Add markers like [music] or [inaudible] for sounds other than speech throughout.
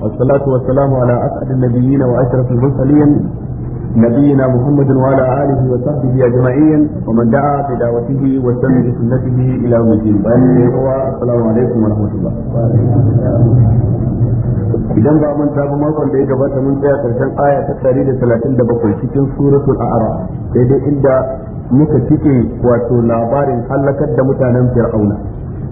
والصلاة والسلام على أسعد النبيين وأشرف المرسلين نبينا محمد وعلى آله وصحبه أجمعين ومن دعا بدعوته وسن بسنته إلى يوم الدين السلام عليكم ورحمة الله idan ba mun tafi makon da ya gabata mun tsaya karshen aya ta tsari da talatin da bakwai cikin suratul a'ara daidai inda muka cike wato labarin halakar da mutanen fir'auna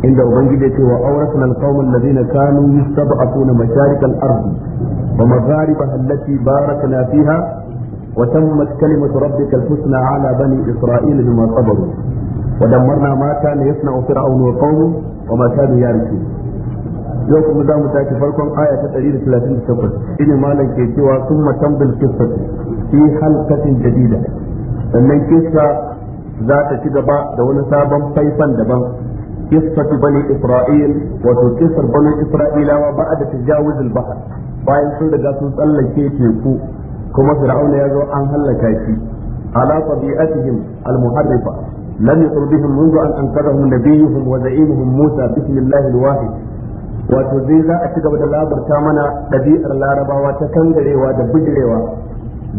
inda ubangiji ce wa auratun alqawmin ladina kanu yastab'atuna masharik al-ard wa magharibaha allati barakna fiha wa tammat kalimatu rabbika al-husna ala bani isra'ila bima sabaru wa dammarna ma kana yasna'u fir'aun wa qawmuhu wa ma kanu yarikun yau kuma za mu tafi farkon aya ta 138 shine malam ke cewa matan tambil qissati fi halqatin jadida sannan kissa za ta ci gaba da wani sabon faifan daban قصة بني إسرائيل وتقصر بني إسرائيل وبعد تجاوز البحر bayan sun riga sun tsallake teku kuma fir'auna ya zo an hallaka shi ala tabi'atihim al-muharrifa lam yuqir منذ an ankarahum nabiyuhum wa za'imuhum Musa bismillahi al wato zai za a ci gaba da labarta mana ɗabi'ar larabawa ta kangarewa da bijirewa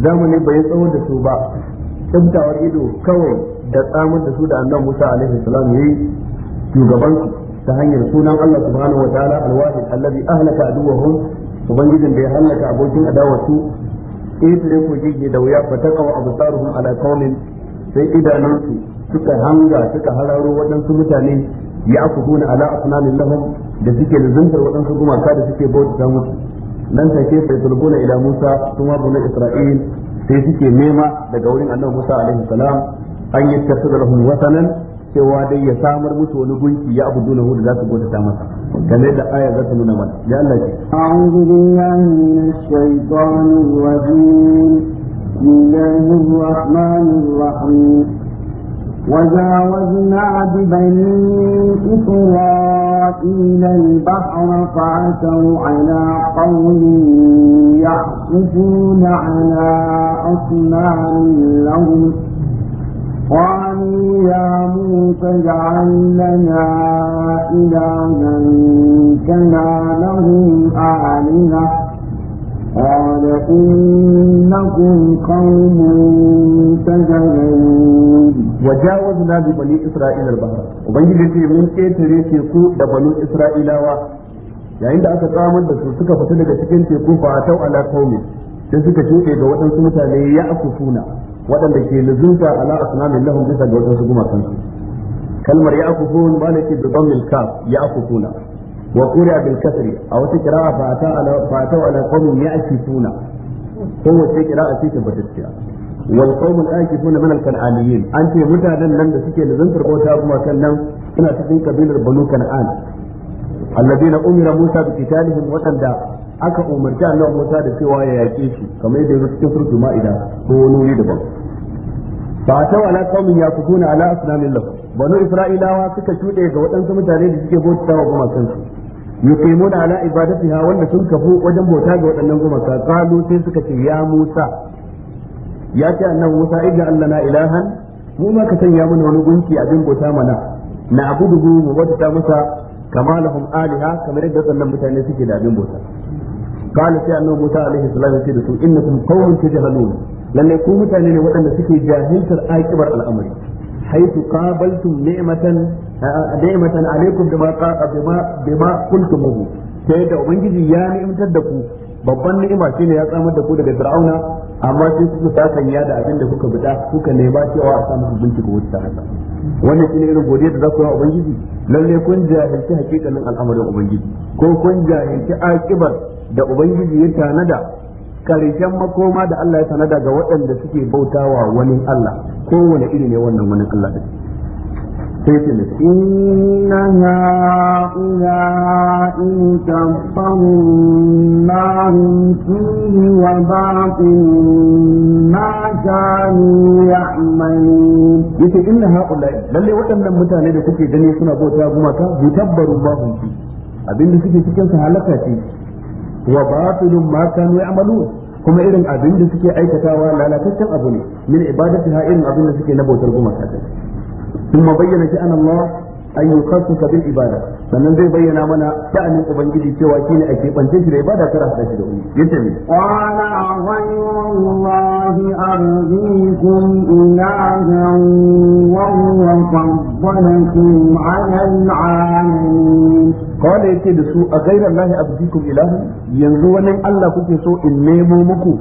zamani bai tsawo da su ba tsabtawar ido kawai da tsamar da su da annabi Musa alaihi salam yi. shugabansu ta hanyar sunan Allah subhanahu wa ta'ala alwahid allazi ahlaka aduwahum ubangijin da ya hallaka abokin adawarsu ne ko jige da wuya fataqaw absaruhum ala qaumin sai idanunsu suka hanga suka hararo waɗansu mutane ya akuduna ala asnamin lahum da suke luzuntar waɗansu gumaka da suke bauta musu nan ke sai tulbuna ila Musa kuma bunu Isra'il sai suke nema daga wurin Annabi Musa alaihi salam an yattakhidha lahum wasanan cewa dai ya samar musu wani gunki ya abu na hudu za su gode ta masa kamar da aya za ta nuna mana ya Allah ce a'udhu billahi minash shaitanir rajim bismillahir rahmanir rahim وجاوزنا ببني إسرائيل البحر فعتوا على قوم يحسفون على أصنام لهم قال يا موسى اجعل لنا إلها كما لهم آلهة قال إنكم قوم تجهلون وجاوزنا ببني إسرائيل البحر وبنجد في من كيتري تيكو بنو إسرائيل و yayin da aka tsamar da su suka fita daga cikin teku ba a tau ala qaumi sai suka shuɗe ga waɗansu mutane ya suna waɗanda ke luzunta ala asnamin lahum bisa ga wadansu gumakan su kalmar ya'kufun ba ne ke bi dhammil kaf ya'kufuna wa qira bil kasri a wata kira fa ata ala fa ata ala qawmin ya'kifuna ko wace qira'a ce ta batacciya wal qawm al akifun min al kan'aniyin an ce mutanen nan da suke luzuntar bauta gumakan nan suna cikin kabilar banu kan'an alladheena umira musa bi qitalihim waɗanda aka umarci annabi Musa da cewa ya yake shi kamar yadda yake cikin surtu Ma'ida ko wani daban ba ta wala qaumin yakufuna ala asnamin banu isra'ilawa suka shude ga waɗansu mutane da suke bauta wa gumakan su yuqimuna ala ibadatiha wanda sun kafu wajen bauta ga waɗannan gumaka qalu sai suka ce ya Musa ya ce annabi Musa idan Allah na ilahan mu ma ka sanya mana wani gunki abin bauta mana na abudu mu bauta masa kama lahum aliha kamar yadda sannan mutane suke da abin bauta qala sai annabi Musa alaihi salam ya ce da su innakum qawmun tajhalun Lallai ku mutane ne waɗanda suke jahiltar akibar al'amari haythu qabaltum ni'matan ni'matan alaikum bima bima bima qultumuhu sai da ubangiji ya ni'imtar da ku babban ni'ima shine ya tsamar da ku daga fir'auna amma sai kuka saka ya da abin da kuka bida kuka nema cewa a samu bincika wuce ta haka wannan shine irin godiya da za ku yi ubangiji lalle kun jahilci hakikanin al'amarin ubangiji ko kun jahilci akibar da ubangiji ya tanada karshen makoma da Allah ya tanada ga waɗanda suke bautawa wani Allah kowane iri ne wannan wani Allah da إن هؤلاء كفر ما هم فيه وباطل ما كانوا يعملون يتي إن هؤلاء للي وأن متاني لكي جني سنة بوتا بمكا يتبر ما هم فيه abin da suke cikin su halaka ce wa batilun ma kanu amalu kuma irin abin da suke aikatawa lalataccen abu ne min ha irin abin da suke na bautar gumaka ثم بين شأن الله أن يخصص بالعبادة sannan zai bayyana mana sha'anin ubangiji cewa shine a keɓance shi da ibada kar hada shi da wani yace ne qala ghayrullahi arzikum ilahan wa huwa faddalakum 'ala al-'alamin qala yace da su a ghayrullahi arzikum ilahan yanzu wani Allah kuke so in nemo muku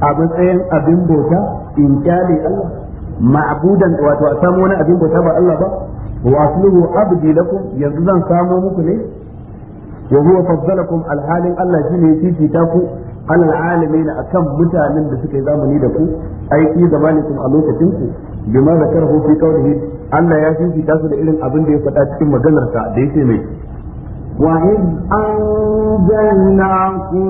a matsayin abin bauta in kyale Allah Ma'abudan wato a samu wani abin bata ba Allah ba wa asluhu abdi lakum yanzu zan samo muku ne Yanzu huwa faddalakum alhalin Allah shine ya fifita ku na a kan mutanen da suke zamani da ku aiki zamanikum a lokacin ku bima zakarahu fi qawlihi Allah ya fifita su da irin abin da ya faɗa cikin maganarsa da yake mai وإذ أنزلناكم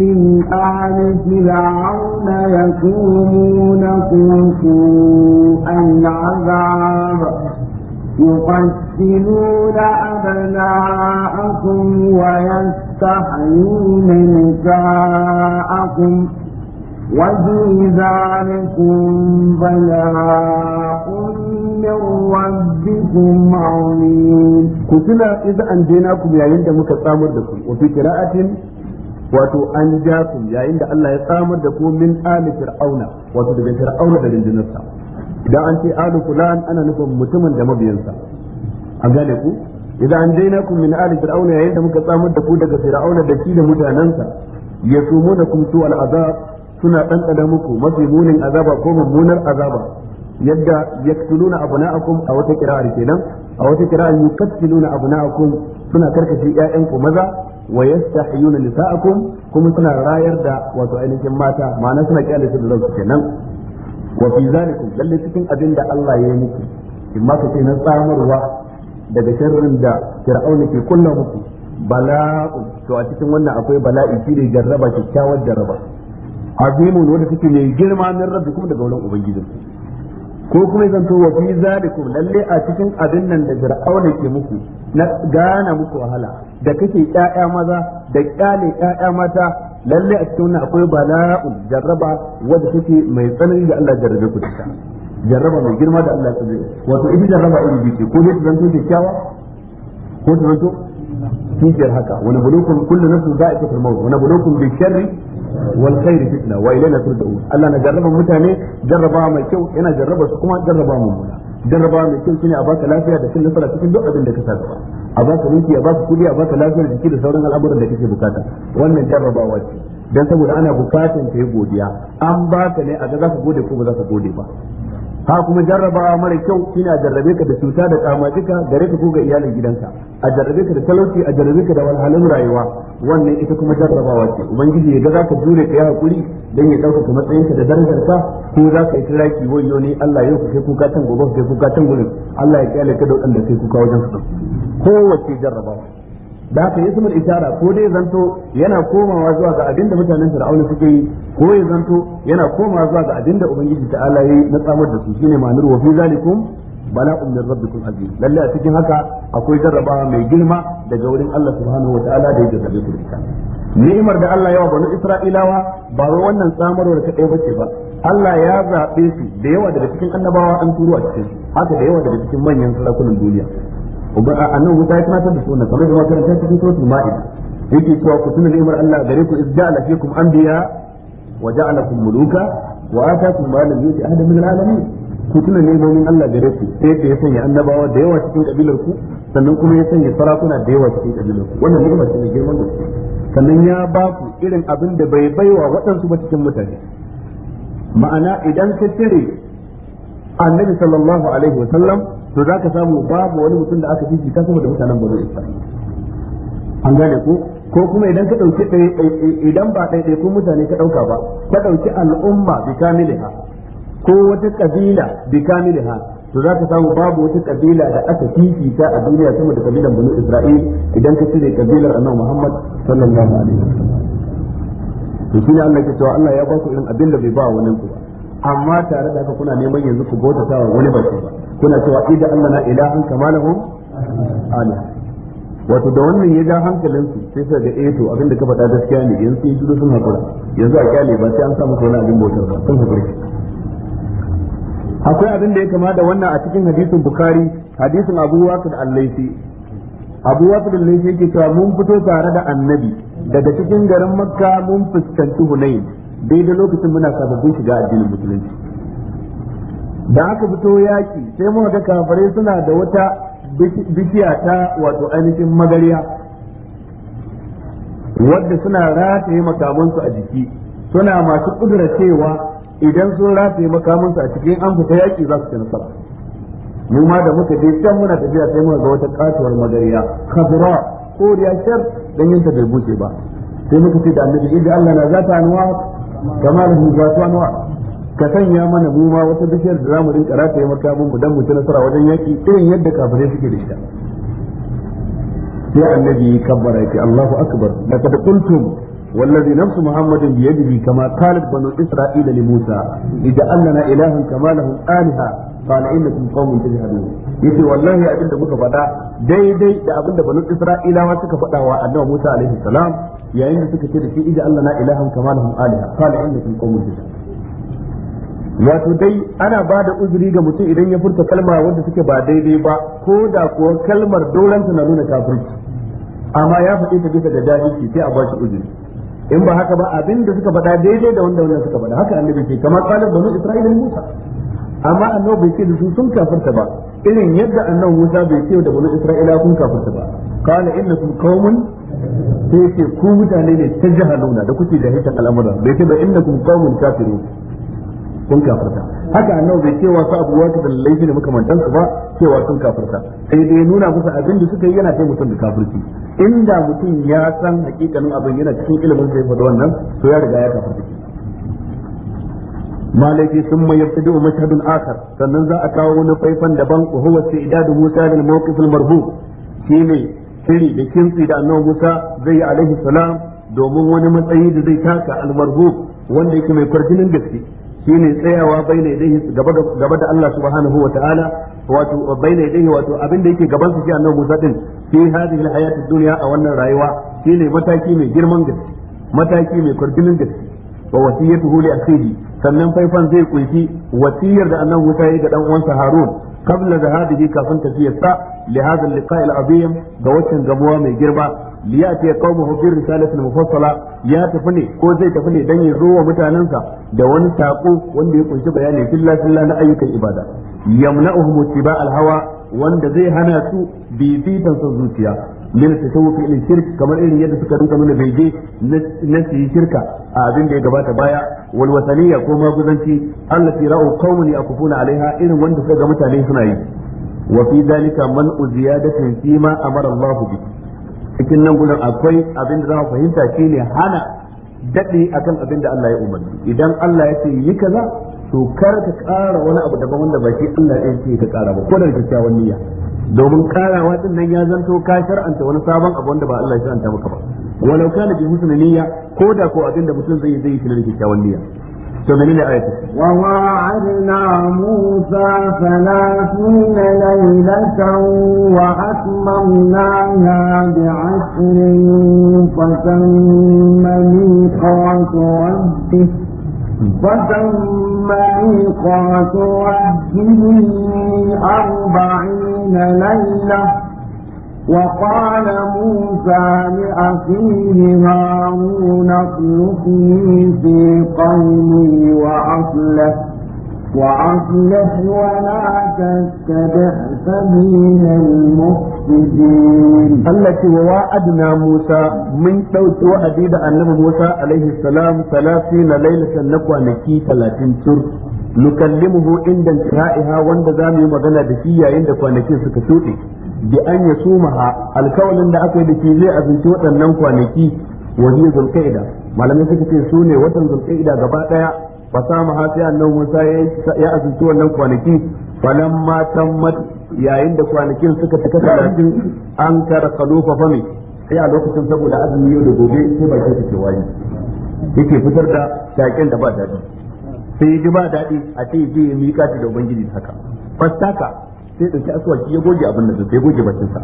من آل فرعون يكونونكم سوء العذاب يقتلون أبناءكم ويستحيون نساءكم وفي ذلكم بلاء من ربكم عظيم كتنا إذا أنجيناكم يا يند مكتامر لكم وفي قراءة wato an ja ku yayin da Allah ya samar da ku min ali fir'auna wato daga fir'auna da rindinarsa idan an ce alu fulan ana nufin mutumin da mabiyansa an gane ku idan an daina ku min ali fir'auna yayin da muka samar da ku daga fir'auna da shi da mutanansa ya yasumunakum su al'azab suna ɗanɗana muku mafi munin azaba ko mummunar azaba yadda yaktuluna abna'akum a wata kira'ar kenan a wata kira'ar yuqtiluna abna'akum suna karkashe ƴaƴan ku maza wa yastahiyuna nisa'akum kuma suna rayar da wato ainihin mata ma'ana suna kiyale su da ransu kenan wa fi zalikum lalle cikin abin da Allah ya yi in ma ka ce na tsamarwa daga sharrin da fir'aun ke kulla muku bala'u to a cikin wannan akwai bala'i shi ne jarraba kyakkyawar jarraba azimun wanda take mai girma min rabbi kuma daga wurin ubangijinku ko kuma zan to wa fi zalikum lalle a cikin abin nan da fir'auna ke muku na gana muku wahala da kake ƴaƴa maza da kyale ƴaƴa mata lalle a cikin wannan akwai bala'un jarraba wadda take mai tsanani da Allah jarrabe ku ta jarraba mai girma da Allah ta wato ita jarraba irin bice ce ko dai zan to kyakkyawa ko ta zanto kishiyar haka wani bulukun kullu nafsin za'iqatul maut wani bulukun bi sharri wal khair fitna wa ilayna turja'un Allah na jarraba mutane jarraba mai kyau yana jarraba su kuma jarraba mummuna jarraba mai kyau shine a baka lafiya da cin fara cikin duk abin da ka sa gaba a baka a baka kudi a baka lafiyar jiki da sauran al'amuran da kake bukata wannan jarrabawa ce dan saboda ana bukatan ta yi godiya an baka ne a ga zaka gode ko ba zaka gode ba ha kuma jarrabawa mara kyau shine a jarrabe ka da cuta da kamajika gare ka ko ga iyalin gidanka a jarrabe ka da talauci a jarrabe ka da walhalin rayuwa wannan ita kuma jarrabawa ce ubangiji ya ga zaka jure ka yi hakuri dan ya dauka matsayin ka da darajar ka ko za ka yi tiraki wayyo ne Allah yau ka kuka tan gobe kuka tan gobe Allah ya kyale ka da wadanda kai kuka wajen su kowace jarrabawa da yi ismul ishara ko dai zanto yana komawa zuwa ga abin da mutanen fir'auna suke yi ko ya zanto yana komawa zuwa ga abin da ubangiji ta'ala yayi na tsamar da su shine ma'anar wa fi zalikum bala'un min rabbikum azim lalle a cikin haka akwai jarrabawa mai girma daga wurin Allah subhanahu wa ta'ala da ya jarrabe ku da ni'imar da Allah yawa banu Isra'ilawa ba wai wannan samarwar ta ɗaya bace ba Allah ya zaɓe su da yawa daga cikin annabawa an turo a cikin haka da yawa daga cikin manyan sarakunan duniya annabi Musa ya tunatar da su wannan kamar yadda karanta cikin suratul Ma'ida yake cewa ku tuna ni'imar Allah gare ku iz ja'ala fikum anbiya wa ja'alakum muluka wa atakum ma lam yuti ahadun min Allah gare ku sai ya sanya annabawa da yawa cikin kabilar ku sannan kuma ya sanya sarakuna da yawa cikin kabilar ku wannan ni'ima ce mai girman gaske sannan ya ba ku irin abin da bai baiwa waɗansu ba cikin mutane ma'ana idan ka cire annabi sallallahu alaihi wa sallam to za ka samu babu wani mutum da aka fifita sama da mutanen banu isra'ila an gane ko ko kuma idan ka dauki idan ba dai ko mutane ka dauka ba ka dauki al'umma bi kamiliha ko wata kabila bi kamiliha to za ka samu babu wata kabila da aka fifita ta a duniya sama da kabilan bani isra'il idan ka cire kabilar annabi muhammad sallallahu alaihi wasallam to shine Allah ke cewa Allah ya ba ku irin abin da bai ba wani ku amma tare da haka kuna neman yanzu ku bautata wa wani ba ba kuna cewa idan Allah na ilahin kama lahum ala wato da wannan ya ja hankalin su sai sai ga eh to da ka faɗa gaskiya ne yanzu sai shiru sun hakura yanzu a kyale ba sai an samu wani abin bautar ba sun hakuri akwai abin da ya kama da wannan a cikin hadisin bukari hadisin abu waqid allaisi abu waqid allaisi yake cewa mun fito tare da annabi daga cikin garin makka mun fuskanci hunain daidai lokacin muna sababbin shiga addinin musulunci da aka fito yaki sai muka ga kafare suna da wata bishiya ta wato ainihin magariya wadda suna rataye makamansu a jiki suna masu kudura cewa idan sun rataye makamansu a cikin an fita yaki za su ci nasara mu ma da muka je can muna tafiya sai muka ga wata katuwar magariya khadra ko da shar dan ta bai buce ba sai muka ce da annabi idan Allah na zata anwa kamar hu zata anwa ka sanya mana mu ma wata bishiyar da zamu rinka rataye maka mun mu dan mu ci nasara wajen yaki irin yadda kafirai suke da ita sai annabi ya kabbara ya ce Allahu akbar laqad qultum والذي نفس محمد بيده كما قالت بنو اسرائيل لموسى اجعل الها كما لهم الهه قال انكم قوم تجهلون yace wallahi abin da muka faɗa daidai da abinda da banu isra'ilawa suka faɗa wa Musa alaihi yayin da suka ce da ija Allah na ilahan kama lahum wato dai ana ba da uzuri ga mutum idan ya furta kalma wanda suke ba daidai ba ko da kuwa kalmar doron na nuna kafirci amma ya faɗi ta bisa da jahilci sai a ba shi uzuri in ba haka ba abin da suka faɗa daidai da wanda wannan suka faɗa haka annabi ce kamar da banu isra'ila musa amma annabi bai ce da su sun kafirta ba irin yadda annabi musa bai ce da banu isra'ila kun kafirta ba qala innakum qaumun sai ce ku mutane ne ta jahaluna da kuke jahilta al'amuran. bai ce ba innakum qaumun kafirun kun kafarta haka annabi bai cewa su abu wata da laifi ne makamantan su ba cewa sun kafarta sai dai nuna musu abin da suka yi yana kai mutum da kafirci inda mutum ya san hakikanin abin yana cikin ilimin sai fa wannan to ya riga ya kafarta. malaki sun mai yabtadi wa mashhadun akhar sannan za a kawo wani faifan daban wa huwa idadu musa da mawqif al marbu shine shiri da kintsi da annabi musa zai alaihi salam domin wani matsayi da zai taka al wanda yake mai kwarjinin gaske shine tsayawa baina yadayhi gaba gaba da Allah subhanahu wa ta'ala wato baina yadayhi wato abin da yake gaban su shi annabi Musa din fi hadhihi alhayati dunya a wannan rayuwa shine mataki mai girman gaske mataki mai kurdumin gaske wa wasiyatuhu li akhihi sannan faifan zai kunshi wasiyar da annabi Musa yi ga dan uwansa Harun da zahabihi kafin tafiyarsa li hadha al-liqa' al-azim ga waccan gamuwa mai girma liyati qaumuhu bi risalatin mufassala ya tafi ne ko zai tafi ne dan ya zo wa mutanansa da wani saƙo wanda ya kunshi bayani filla filla na ayyukan ibada yamna'uhum ittiba' Alhawa, wanda zai hana su bibitan son zuciya min tasawuf ila shirk kamar irin yadda suka rinka nuna bege na su shirka a abin da ya gabata baya wal wasaniya ko maguzanci allati ra'u qaumun yakufuna alaiha irin wanda suka ga mutane suna yi wa fi dalika man uziyadatin fima amara Allah bihi cikin nan gudun akwai abin da za fahimta shine hana daɗi akan abin da Allah ya umarni idan Allah ya ce yi kaza to kar ka ƙara wani abu daban wanda ba shi Allah ya ce ka ƙara ba ko da kyakkyawan niyya domin ƙarawa din nan ya zanto ka shar'anta wani sabon abu wanda ba Allah ya shar'anta maka ba walau kana bi husna niyya ko da ko abin da mutum zai zai shi da kyakkyawan niyya to menene ayatu wa wa'adna musa salasina laylatan wa atmamnaha bi'ashrin fatamma miqatu rabbih فتم ميقات ربه أربعين ليلة وقال موسى لأخيه هارون تخلفني في قومي وأصلح وأصلح ولا تتبع سبيل المفسدين التي ووعدنا موسى من توت وعديد أنه موسى عليه السلام ثلاثين ليلة نقوى نكي ثلاثين سر نكلمه عند انتهائها وند زامي مغنى دشية عند كوانكي سكسوتي بأن يصومها الكون عند أكيد في زي أبنتي وأنم كوانكي wa zulqa'ida malamai suka ce su ne watan zulqa'ida gaba daya fasama ha sai annabi Musa ya azunta wannan kwanaki falamma tammat yayin da kwanakin suka tuka talatin an kar kalufa fami sai a lokacin saboda azumi yau da gobe sai ba su ke wani yake fitar da shaƙen da ba daɗi sai ji ba daɗi a ce je ya miƙa ta da ubangiji haka fastaka sai ɗauki aswaki ya goge abin da zai goge bakinsa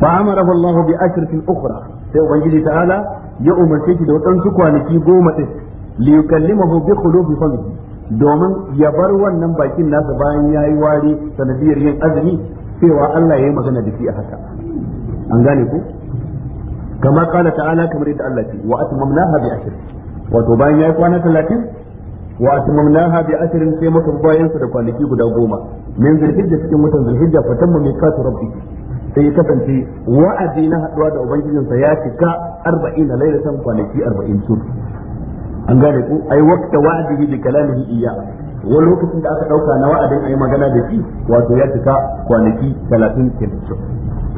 fa amarahu Allah bi ashratin ukhra sai ubangiji ta'ala ya umarce shi da wadansu kwanaki goma din li yukallimahu bi khulufi domin ya bar wannan bakin nasa bayan ya yi wari sanadiyar yin azumi cewa Allah ya yi magana da shi a haka an gane ku kama kala ta'ala kamar yadda Allah ce wa atmamnaha bi ashirin. wato bayan ya yi kwana 30 wa atmamnaha bi ashirin sai muka bayan su da kwanaki guda goma min zulhijja cikin watan zulhijja fatamma miqatu rabbika sai ya kasance wa'adi na haduwa da ubangijinsa ya cika arba'in 40 lailatan kwanaki arba'in sun an gane ku ai waqta wa'dihi bi kalamihi iya wa lokacin da aka dauka na wa'adin ai magana da shi wato ya cika kwanaki 30 kenan to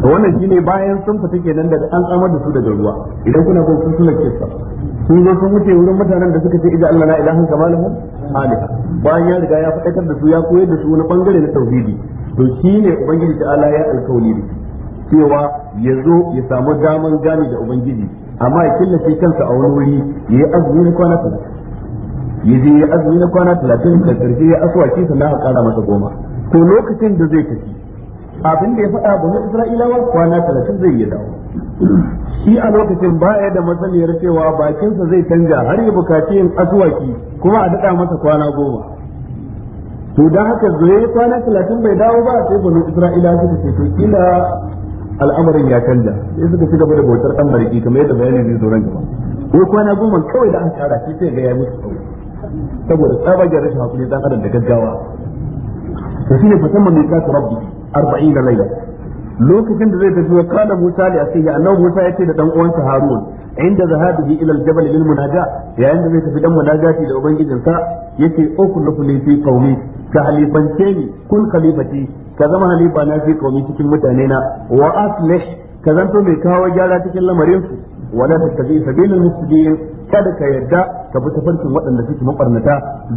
wannan shine bayan sun fita kenan daga an tsamar da su daga ruwa idan kuna ko sun suna kissa sun zo sun mutu wurin mutanen da suka ce idan Allah la ilaha illa lahu aliha bayan ya riga ya fadakar da su ya koyar da su wani bangare na tauhidi to shine ubangiji ta Allah ya alkawari da shi cewa ya zo ya samu daman gane da ubangiji amma ya killace kansa a wani wuri ya yi azumi na kwana talatin ya je ya azumi na kwana talatin da karshe ya aswaki sannan a kara masa goma to lokacin da zai tafi abin da ya faɗa ba na isra'ilawa kwana talatin zai yi dawo shi a lokacin baya da masaniyar cewa bakinsa zai canja har ya bukaci yin asuwaki kuma a daɗa masa kwana goma to don haka zoye kwana talatin bai dawo ba sai banu isra'ila suka ce to kila al'amarin ya canja sai suka ci gaba da bautar dan mariki kamar yadda bayani ne zo nan gaba ko kwana goma kawai da an tsara shi sai ga ya mutu sau saboda tsabagen rashin hakuri dan adam da gaggawa to shine fatamma mai kasu rabbi 40 laila lokacin da zai tafi wa kana Musa li ya annabi Musa ya ce da dan uwansa Harun inda zahabihi ila al-jabal lil munaja yayin da zai tafi dan munajati da ubangijinsa yace ukhlufu li fi qaumi ka halifance ni kun khalifati ka zama halifa na fi kaumi cikin mutane na wa aslih ka zanto mai kawo gyara cikin lamarin su wala tattabi sabilul mufsidin kada ka yadda ka bi tafarkin waɗanda suke mabarnata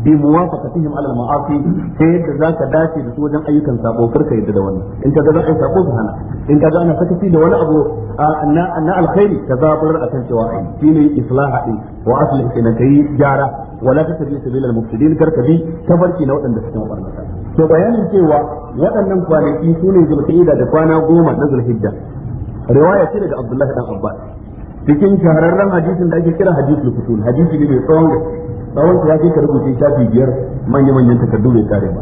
bi muwafaqatihim alal ma'asi sai yadda zaka dace da su wajen ayyukan sabo kar ka yadda da wannan in ka ga za a yi sabo ka hana in ka ga ana sakaci da wani abu na na alkhairi ka zabar kan cewa ai shine islaha din wa aslih kenan kai gyara wala tattabi sabilul mufsidin kar ka bi tafarki na waɗanda suke mabarnata to bayanin cewa waɗannan kwanaki su ne zulhijja da kwana goma na zulhijja riwaya ce daga abdullahi dan abbas cikin shahararren hadisin da ake kira hadisul futul hadisi ne mai tsawon tsawon ya ke ka rubuce shafi biyar manya manyan takardu bai kare ba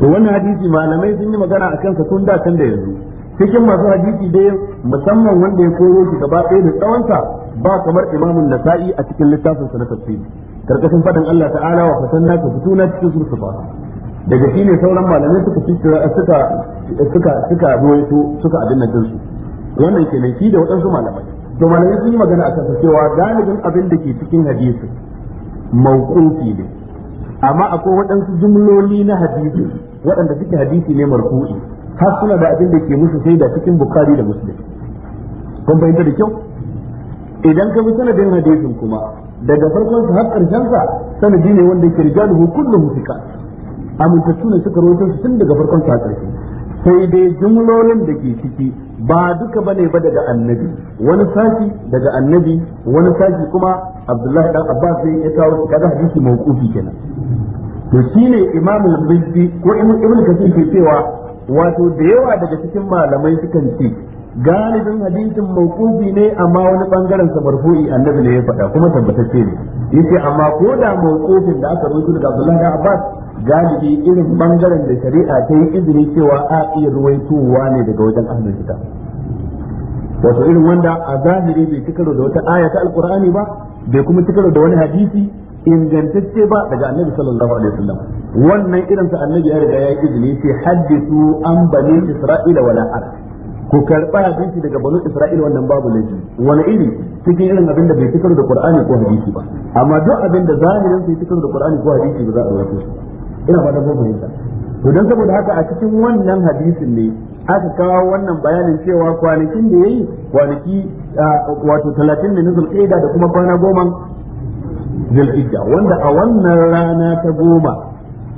to wannan hadisi malamai sun yi magana a kansa tun da can da yanzu cikin masu hadisi dai musamman wanda ya koro shi gaba ɗaya da tsawonsa ba kamar imamun nasa'i a cikin littafinsa na tafsiri karkashin faɗin Allah ta'ala wa fasanna ka fituna cikin surfa daga shi ne sauran malamai suka suka suka suka ruwaito suka abin nan dinsu wannan kenan shi da waɗansu malamai to malamai sun yi magana a kansa cewa galibin abin da ke cikin hadisi mauqufi ne amma akwai waɗansu jumloli na hadisi waɗanda suke hadisi ne marfu'i har suna da abin da ke musu sai da cikin bukari da muslim kun fahimta da kyau idan ka bi sanadin hadisin kuma daga farkon sa har karshen sa sanadi ne wanda ke rijaluhu kulluhu thiqat amintattu ne suka rawaito su tun daga farkon sa sai dai jumlolin da ke ciki ba duka bane ba daga annabi wani sashi daga annabi wani sashi kuma abdullahi dan abbas sai ya kawo kaga hadisi mawqufi kenan to shine imamu al ko ibn kasir ke cewa wato da yawa daga cikin malamai sukan ce galibin hadisin mawqufi ne amma wani bangaren sa marfu'i annabi ne ya faɗa kuma tabbatacce ne yace amma ko da mawqufin da aka rubuta daga abdullahi dan abbas galibi irin bangaren da shari'a ta yi izini cewa a iya ruwaitowa ne daga wajen ahlul kitab wato irin wanda a zahiri bai ci da wata aya ta alkur'ani ba bai kuma ci da wani hadisi ingantacce ba daga annabi sallallahu alaihi wasallam wannan irin sa annabi ya riga ya yi izini ce haddisu an bani isra'ila wala ar ku karba abinci daga banu isra'ila wannan babu laifi wani iri cikin irin abin da bai ci da qur'ani ko hadisi ba amma duk abin da zahirin sai ci da qur'ani ko hadisi ba za a rawaito ina ba da gobe to dan saboda haka a cikin wannan hadisin ne aka kawo wannan bayanin cewa kwanakin da yayi kwanaki wato 30 ne nuzul qaida da kuma kwana goma zulhijja wanda a wannan rana ta goma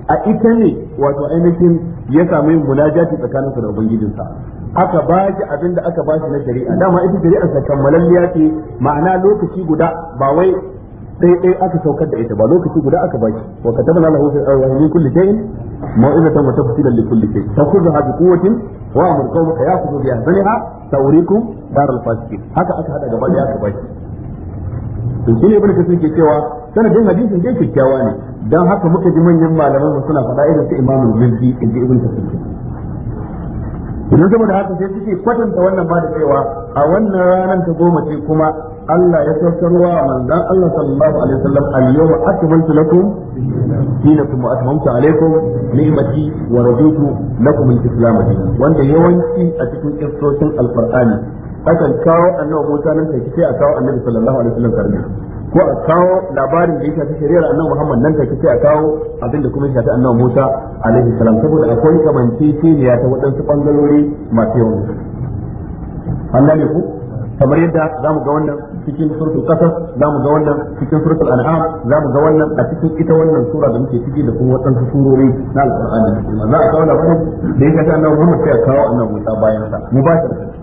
a ita ne wato ainihin ya samu yin munajati tsakanin su da bangijinsa aka ba shi abin da aka ba shi na shari'a dama ita shari'a ta kammalan ce ma'ana lokaci guda ba wai dai dai aka saukar da ita ba lokaci guda aka baki wa katabna lahu fi awwalin kulli shay'in mau'izatan wa tafsilan li kulli shay takhudha bi quwwatin wa amur qawmaka ya'khudhu bi ahsaniha tawrikum daral fasiqin haka aka hada gaba da aka baki to shi ne barka suke cewa sanadin hadisin dai kyakkyawa ne dan haka muka ji manyan malaman mu suna faɗa irin su imamul mizzi inda ibn tafsir idan saboda haka sai suke kwatanta wannan ba da cewa a wannan ranar ta goma ce kuma Allah ya saukarwa manzan Allah sallallahu alaihi wasallam al-yawma akmaltu lakum dinakum wa atmamtu alaikum ni'mati wa raditu lakum al-islam wanda yawanci a cikin kissoshin al-qur'ani akan kawo annabi Musa nan take sai a kawo annabi sallallahu alaihi wasallam karbi ko a kawo labarin da ya shafi shari'ar annabi Muhammad nan take sai a kawo abin da kuma ya shafi annabi Musa alaihi salam saboda akwai ya ta waɗansu bangarori masu yawan an gane ku kamar yadda za mu ga wannan cikin suratul qasas za mu ga wannan cikin suratul an'am za mu ga wannan a cikin ita wannan sura da muke ciki da kuma waɗansu surori na alqur'ani za a kawo labarin da yake ta annabi Muhammad sai a kawo annabi Musa bayan sa mu ba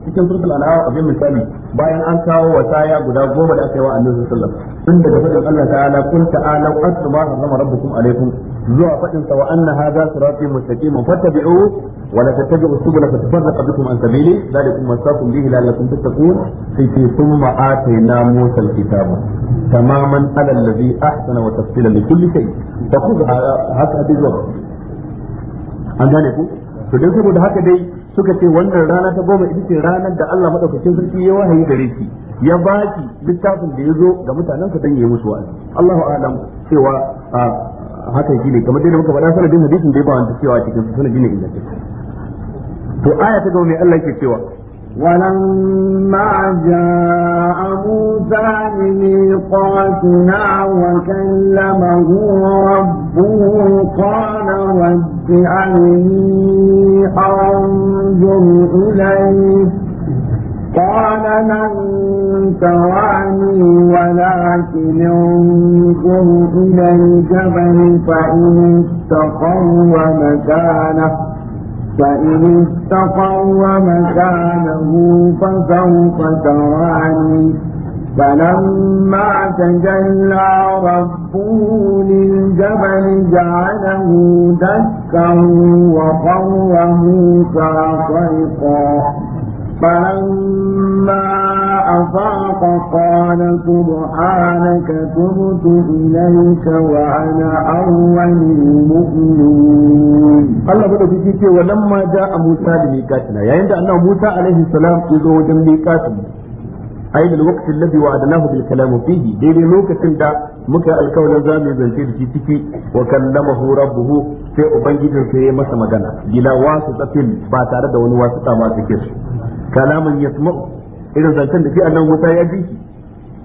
cikin suratul alawa abin misali bayan an kawo taya guda goma da aka yi wa annabi sallallahu alaihi wasallam tun da fadin Allah ta'ala kun ta'ala atlu ma harrama rabbukum alaikum zuwa fadin sa wa anna hadha sirati mustaqiman fattabi'u wa la tattabi'u subula bikum an sabili dhalikum bihi la'allakum tattaqun thumma atayna musa tamaman ala alladhi ahsana wa tafsila li kulli shay fa khudha an gane ku to dai saboda haka dai suka ce wannan rana ta goma ita ce ranar da Allah madaukakin sarki ya wahayi gare shi ya baki littafin da ya zo ga mutanensa dan yayi musu wa'azi Allahu a'lam cewa yake ne kamar dai da muka faɗa sanadin hadisin da ya ba wanda cewa cikin sanadin ne ingantacce to aya ta gaba mai Allah yake cewa ولما جاء موسى لميقاتنا وكلمه ربه قال رب أرني أنظر إليك قال لن تراني ولكن انظر إلى الجبل فإن استقر مكانه فإن استقر مكانه فسوف تراني فلما تجلى ربه للجبل جعله دكا وقره صعصعقا فلما أفاق قال سبحانك تبت إليك وأنا أول المؤمنين الله بده في كيكي ولما جاء موسى لميقاتنا يعني عند أنه موسى عليه السلام إذا وجم ميقاتنا أي الوقت الذي وعدناه بالكلام فيه دي لوكة دا مكا الكون زامي زنتي في تكي وكلمه ربه في أبنجي في مسا مدنا بلا واسطة باتارد ونواسطة ما تكيش kalaman yasma'u irin zancen da shi annabi Musa ya ji shi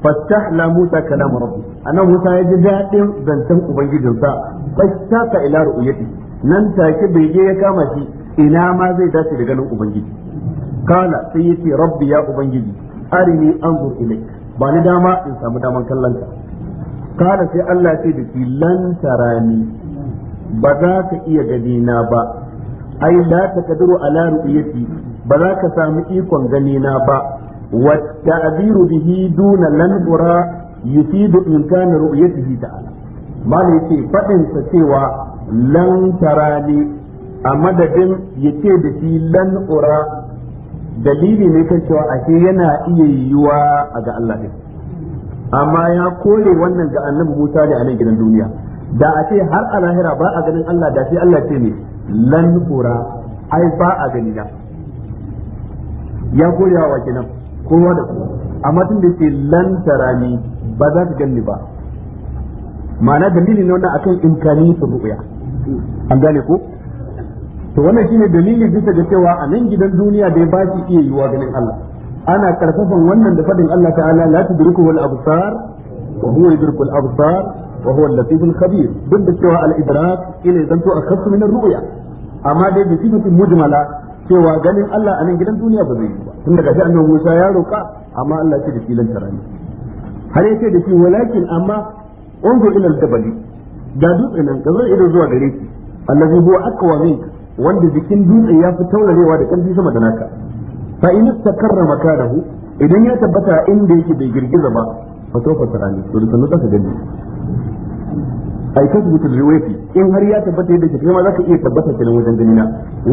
fattahla Musa kalam rabbi annabi Musa ya ji dadin zancen ubangijinsa fashtaka ila ru'yati nan take bege ya kama shi ina ma zai dace da ganin ubangiji kala sai yace rabbi ya ubangiji dama in samu daman kallon ka sai Allah ya ce da shi lan tarani ba za ka iya gani na ba ai la takdiru ala ru'yati ba za ka sami ikon gani na ba wa abiru bihi duna lan ura yufidu in kana ru'yatihi ta'ala mala yace fadin sa cewa lan tarani a madadin yace da shi lan ura dalili ne kan cewa ashe yana iya yiwuwa a ga Allah din amma ya kore wannan ga annabi Musa ne a nan gidan duniya da a ce har a lahira ba a ganin Allah da sai Allah ce ne lan ura ai ba a gani na ya kore wa kenan kowa da kowa amma tun da yake lan tarani ba za ka ganni ba ma'ana dalili ne wannan akan imkani su ru'ya an gane ko to wannan shine dalili bisa ga cewa a nan gidan duniya da ya ba shi iya yiwa ganin Allah ana karfafan wannan da fadin Allah ta'ala la tudriku wal absar wa huwa yudriku al absar wa huwa al-latif al-khabir duk da cewa al-idrak ila zanto akhassu min ar-ru'ya amma dai bi sifatin mujmala cewa ganin Allah a nan gidan duniya ba zai yi ba tun daga shi Musa ya roka amma Allah ce da filan tarani har yace da shi walakin amma unzur ila dabali. jabali ga dutsen nan ka zai ido zuwa gare shi allazi huwa aqwa minka wanda jikin dutse ya fi taurarewa da ƙarfi sama da naka fa in istakarra makanahu idan ya tabbata inda yake bai girgiza ba fa sawfa tarani to da sanu ka gani ai kasu butul riwayati in har ya tabbata yadda kake za ka iya tabbata kenan wajen ganina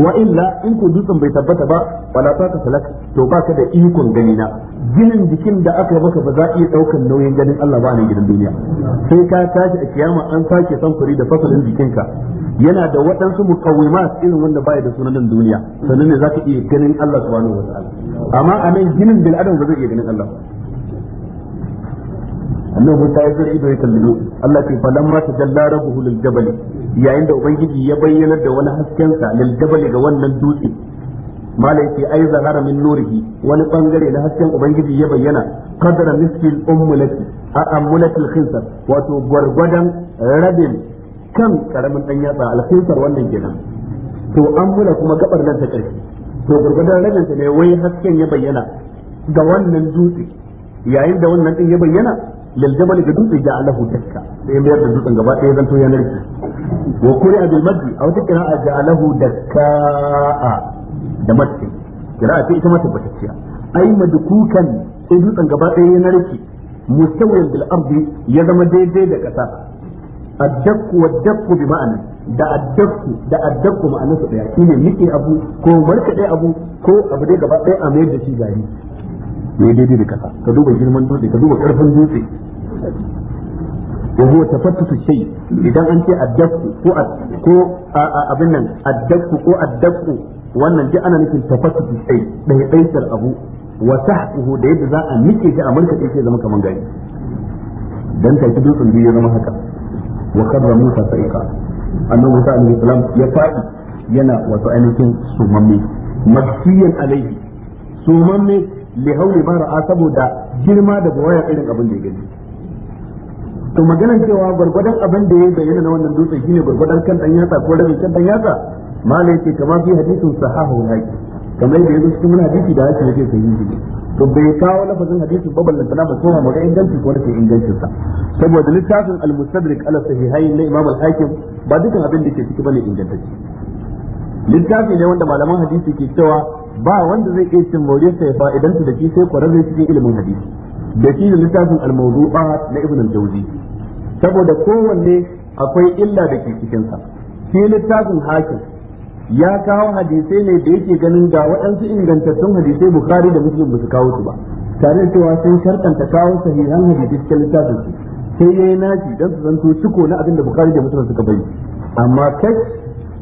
wa illa in ko dutsen bai tabbata ba wala ta ka salak to baka da ikon ganina ginin jikin da aka yi maka ba za iya daukan nauyin ganin Allah ba nan gidan duniya sai ka tashi a kiyama an sake samfuri da fasalin jikinka yana da waɗansu muqawwimat irin wanda baya da sunan duniya sannan ne ka iya ganin Allah subhanahu wa ta'ala amma anan ginin bil adam ba zai iya ganin Allah ba annabi Musa ya zura ido ya kalli Allah ce falamma tajalla rabbuhu lil jabal yayin da ubangiji ya bayyana da wani hasken sa lil jabal ga wannan dutse malai ce ai zahara min nurihi wani bangare na hasken ubangiji ya bayyana qadra miskil ummulati a ammulatil khinsar wato gwargwadon rabin kan karamin dan yatsa al khinsar wannan kenan to ammula kuma gabar nan ta karfi to gwargwadon rabin sa ne wai hasken ya bayyana ga wannan dutse yayin da wannan din ya bayyana lil jamal da dutse ja alahu dakka sai da dutsen gaba ɗaya ya narke wa kuri abil a wata qira'a ja alahu dakka'a da maddi qira'a ce ita ma tabbatacciya ai madkukan sai dutsen gaba ɗaya ya narke ya zama daidai da ƙasa addakku waddakku bi ma'ana da addakku da addakku ma'ana daya shine nike abu ko markade abu ko abu dai gaba ɗaya a mayar da shi gari ya daidai da kasa ka duba girman dutse ka duba karfin dutse wa huwa tafattutu shay idan an ce addaqu ko ko abin nan addaqu ko addaqu wannan duk ana nufin tafattutu shay dai daisar abu wa tahquhu da yadda za a nike shi a marka sai zama kaman gari dan kai dutsen biyu ya zama haka wa kadra Musa sa'iqa annabi Musa alaihi salam ya fadi yana wato ainihin sumamme madfiyan alaihi sumamme li hauli ba ra'a saboda girma da bawaya irin abin da ya gani to maganar cewa gwargwadon abin da ya bayyana na wannan dutsen shine gwargwadon kan dan yatsa ko rabin kan dan yatsa malai ce kamar fi hadisin sahahu haki kamar da yanzu cikin hadisi da ake yake sahihi ne to bai kawo lafazin hadisi ba ballan sana ba koma maga inganci ko rashin ingancin sa saboda littafin al-mustadrik ala sahihai na imam al-hakim ba dukan abin da ke ciki bane ingantacce littafi ne wanda malaman hadisi ke cewa ba wanda zai iya cin ta ya fa'idan su da shi sai kwararre cikin ilimin hadisi da shi da littafin al-mawdu'a na ibn al-jawzi saboda kowanne akwai illa da ke cikin sa littafin hakim ya kawo hadisai ne da yake ganin ga waɗansu ingantattun hadisai bukhari da muslim ba su kawo su ba tare da cewa sun shartanta kawo sahihan Hadisai cikin littafin su sai yayi naci don su zanto ciko na abin da bukari da muslim suka bayyana amma kai